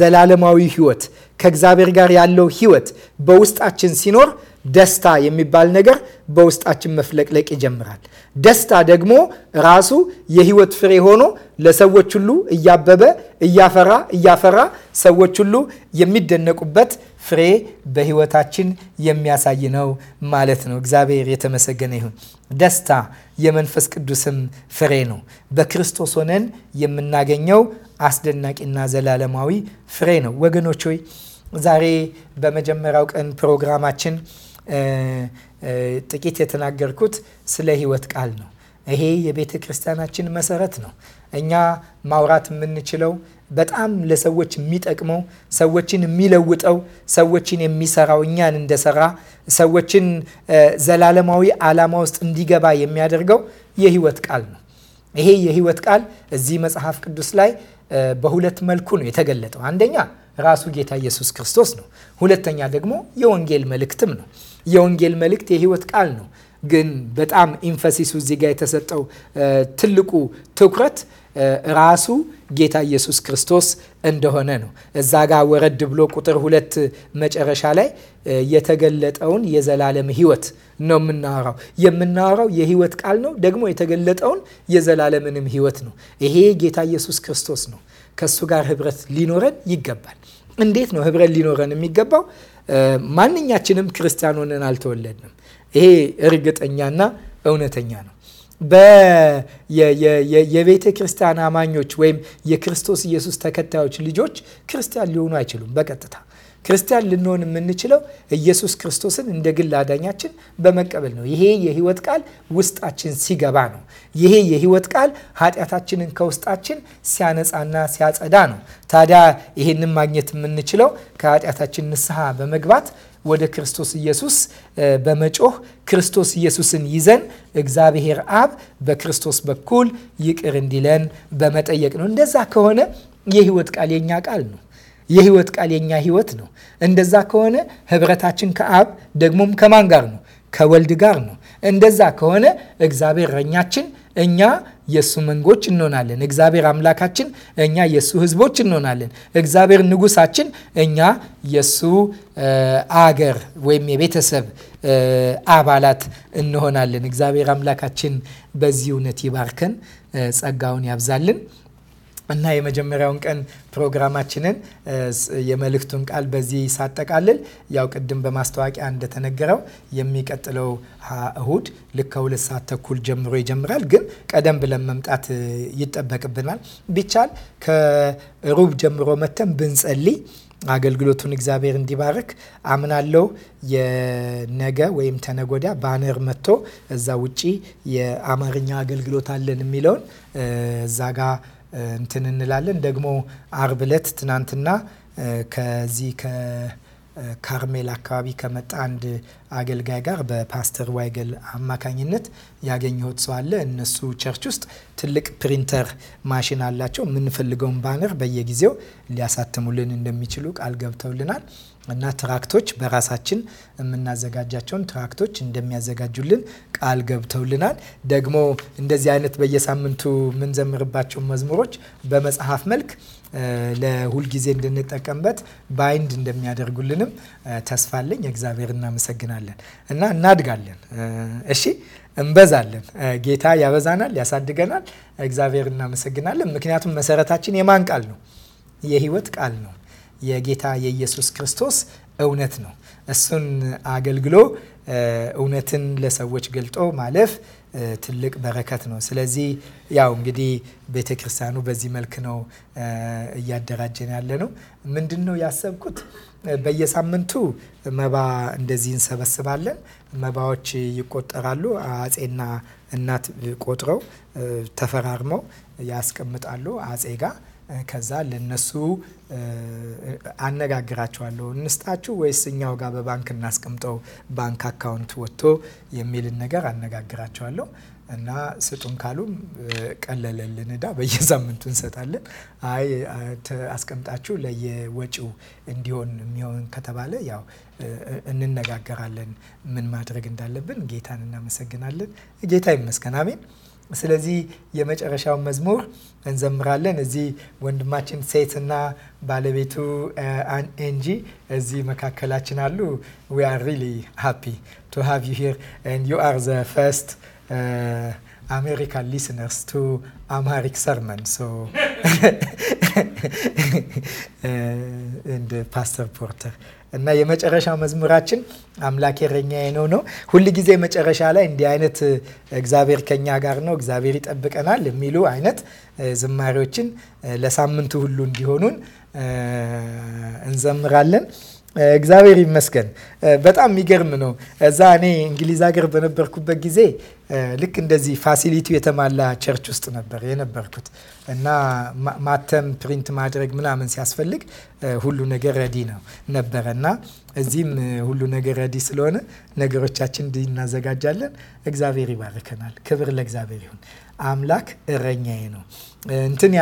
ዘላለማዊ ህይወት ከእግዚአብሔር ጋር ያለው ህይወት በውስጣችን ሲኖር ደስታ የሚባል ነገር በውስጣችን መፍለቅለቅ ይጀምራል። ደስታ ደግሞ ራሱ የህይወት ፍሬ ሆኖ ለሰዎች ሁሉ እያበበ እያፈራ እያፈራ ሰዎች ሁሉ የሚደነቁበት ፍሬ በህይወታችን የሚያሳይ ነው ማለት ነው። እግዚአብሔር የተመሰገነ ይሁን። ደስታ የመንፈስ ቅዱስም ፍሬ ነው። በክርስቶስ ሆነን የምናገኘው አስደናቂና ዘላለማዊ ፍሬ ነው። ወገኖች ሆይ ዛሬ በመጀመሪያው ቀን ፕሮግራማችን ጥቂት የተናገርኩት ስለ ህይወት ቃል ነው። ይሄ የቤተ ክርስቲያናችን መሰረት ነው። እኛ ማውራት የምንችለው በጣም ለሰዎች የሚጠቅመው ሰዎችን የሚለውጠው ሰዎችን የሚሰራው እኛን እንደሰራ ሰዎችን ዘላለማዊ ዓላማ ውስጥ እንዲገባ የሚያደርገው የህይወት ቃል ነው። ይሄ የህይወት ቃል እዚህ መጽሐፍ ቅዱስ ላይ በሁለት መልኩ ነው የተገለጠው። አንደኛ ራሱ ጌታ ኢየሱስ ክርስቶስ ነው። ሁለተኛ ደግሞ የወንጌል መልእክትም ነው። የወንጌል መልእክት የህይወት ቃል ነው። ግን በጣም ኢንፈሲሱ እዚህ ጋር የተሰጠው ትልቁ ትኩረት ራሱ ጌታ ኢየሱስ ክርስቶስ እንደሆነ ነው። እዛ ጋር ወረድ ብሎ ቁጥር ሁለት መጨረሻ ላይ የተገለጠውን የዘላለም ህይወት ነው የምናወራው። የምናወራው የህይወት ቃል ነው ደግሞ የተገለጠውን የዘላለምንም ህይወት ነው። ይሄ ጌታ ኢየሱስ ክርስቶስ ነው። ከእሱ ጋር ህብረት ሊኖረን ይገባል። እንዴት ነው ህብረት ሊኖረን የሚገባው? ማንኛችንም ክርስቲያን ሆነን አልተወለድንም። ይሄ እርግጠኛና እውነተኛ ነው። የቤተ ክርስቲያን አማኞች ወይም የክርስቶስ ኢየሱስ ተከታዮች ልጆች ክርስቲያን ሊሆኑ አይችሉም በቀጥታ ክርስቲያን ልንሆን የምንችለው ኢየሱስ ክርስቶስን እንደ ግል አዳኛችን በመቀበል ነው። ይሄ የህይወት ቃል ውስጣችን ሲገባ ነው። ይሄ የህይወት ቃል ኃጢአታችንን ከውስጣችን ሲያነጻና ሲያጸዳ ነው። ታዲያ ይሄንን ማግኘት የምንችለው ከኃጢአታችን ንስሐ በመግባት ወደ ክርስቶስ ኢየሱስ በመጮህ ክርስቶስ ኢየሱስን ይዘን እግዚአብሔር አብ በክርስቶስ በኩል ይቅር እንዲለን በመጠየቅ ነው። እንደዛ ከሆነ የህይወት ቃል የኛ ቃል ነው። የህይወት ቃል የኛ ህይወት ነው። እንደዛ ከሆነ ህብረታችን ከአብ ደግሞም ከማን ጋር ነው? ከወልድ ጋር ነው። እንደዛ ከሆነ እግዚአብሔር እረኛችን፣ እኛ የእሱ መንጎች እንሆናለን። እግዚአብሔር አምላካችን፣ እኛ የእሱ ህዝቦች እንሆናለን። እግዚአብሔር ንጉሳችን፣ እኛ የእሱ አገር ወይም የቤተሰብ አባላት እንሆናለን። እግዚአብሔር አምላካችን በዚህ እውነት ይባርከን፣ ጸጋውን ያብዛልን። እና የመጀመሪያውን ቀን ፕሮግራማችንን የመልእክቱን ቃል በዚህ ሳጠቃልል ያው ቅድም በማስታወቂያ እንደተነገረው የሚቀጥለው እሁድ ልክ ከሁለት ሰዓት ተኩል ጀምሮ ይጀምራል። ግን ቀደም ብለን መምጣት ይጠበቅብናል። ቢቻል ከሩብ ጀምሮ መተን ብንጸልይ አገልግሎቱን እግዚአብሔር እንዲባርክ አምናለው። የነገ ወይም ተነጎዳ ባነር መጥቶ እዛ ውጪ የአማርኛ አገልግሎት አለን የሚለውን እዛ ጋር እንትን እንላለን። ደግሞ አርብ ዕለት ትናንትና ከዚህ ከካርሜል አካባቢ ከመጣ አንድ አገልጋይ ጋር በፓስተር ዋይገል አማካኝነት ያገኘሁት ሰው አለ። እነሱ ቸርች ውስጥ ትልቅ ፕሪንተር ማሽን አላቸው። የምንፈልገውን ባነር በየጊዜው ሊያሳትሙልን እንደሚችሉ ቃል ገብተውልናል። እና ትራክቶች በራሳችን የምናዘጋጃቸውን ትራክቶች እንደሚያዘጋጁልን ቃል ገብተውልናል። ደግሞ እንደዚህ አይነት በየሳምንቱ የምንዘምርባቸው መዝሙሮች በመጽሐፍ መልክ ለሁልጊዜ እንድንጠቀምበት በአይንድ እንደሚያደርጉልንም ተስፋ አለኝ። እግዚአብሔር እናመሰግናለን እና እናድጋለን። እሺ እንበዛለን። ጌታ ያበዛናል፣ ያሳድገናል። እግዚአብሔር እናመሰግናለን። ምክንያቱም መሰረታችን የማን ቃል ነው? የህይወት ቃል ነው። የጌታ የኢየሱስ ክርስቶስ እውነት ነው። እሱን አገልግሎ እውነትን ለሰዎች ገልጦ ማለፍ ትልቅ በረከት ነው። ስለዚህ ያው እንግዲህ ቤተ ክርስቲያኑ በዚህ መልክ ነው እያደራጀን ያለ ነው። ምንድን ነው ያሰብኩት? በየሳምንቱ መባ እንደዚህ እንሰበስባለን። መባዎች ይቆጠራሉ። አጼና እናት ቆጥረው ተፈራርመው ያስቀምጣሉ አጼ ጋር ከዛ ለነሱ አነጋግራቸዋለሁ እንስጣችሁ ወይስ እኛው ጋር በባንክ እናስቀምጠው ባንክ አካውንት ወጥቶ የሚልን ነገር አነጋግራቸዋለሁ እና ስጡን ካሉም ቀለለልን እዳ በየሳምንቱ እንሰጣለን። አይ አስቀምጣችሁ ለየወጪው እንዲሆን የሚሆን ከተባለ ያው እንነጋገራለን ምን ማድረግ እንዳለብን። ጌታን እናመሰግናለን። ጌታ ይመስገን። አሜን። ስለዚህ የመጨረሻው መዝሙር እንዘምራለን። እዚህ ወንድማችን ሴት እና ባለቤቱ ኤንጂ እዚህ መካከላችን አሉ። ዊ አር ሪሊ ሃፒ ቱ ሃቭ ዩ ሂር ኤንድ ዩ አር ዘ ፈርስት አሜሪካን ሊስነርስ ቱ አማሪክ ሰርመን ሶ ኤንድ ፓስተር ፖርተር እና የመጨረሻ መዝሙራችን አምላክ እረኛዬ ነው ነው። ሁል ጊዜ መጨረሻ ላይ እንዲህ አይነት እግዚአብሔር ከኛ ጋር ነው፣ እግዚአብሔር ይጠብቀናል የሚሉ አይነት ዝማሬዎችን ለሳምንቱ ሁሉ እንዲሆኑን እንዘምራለን። እግዚአብሔር ይመስገን። በጣም የሚገርም ነው። እዛ እኔ እንግሊዝ ሀገር በነበርኩበት ጊዜ ልክ እንደዚህ ፋሲሊቲው የተሟላ ቸርች ውስጥ ነበር የነበርኩት እና ማተም ፕሪንት ማድረግ ምናምን ሲያስፈልግ ሁሉ ነገር ረዲ ነው ነበረ እና እዚህም ሁሉ ነገር ረዲ ስለሆነ ነገሮቻችን እንዲህ እናዘጋጃለን። እግዚአብሔር ይባርከናል። ክብር ለእግዚአብሔር ይሁን። አምላክ እረኛዬ ነው እንትን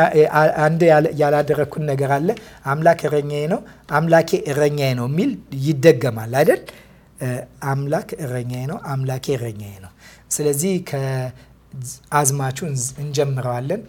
አንድ ያላደረግኩን ነገር አለ። አምላክ እረኛዬ ነው፣ አምላኬ እረኛዬ ነው የሚል ይደገማል አይደል? አምላክ እረኛዬ ነው፣ አምላኬ እረኛዬ ነው። ስለዚህ ከአዝማቹ እንጀምረዋለን።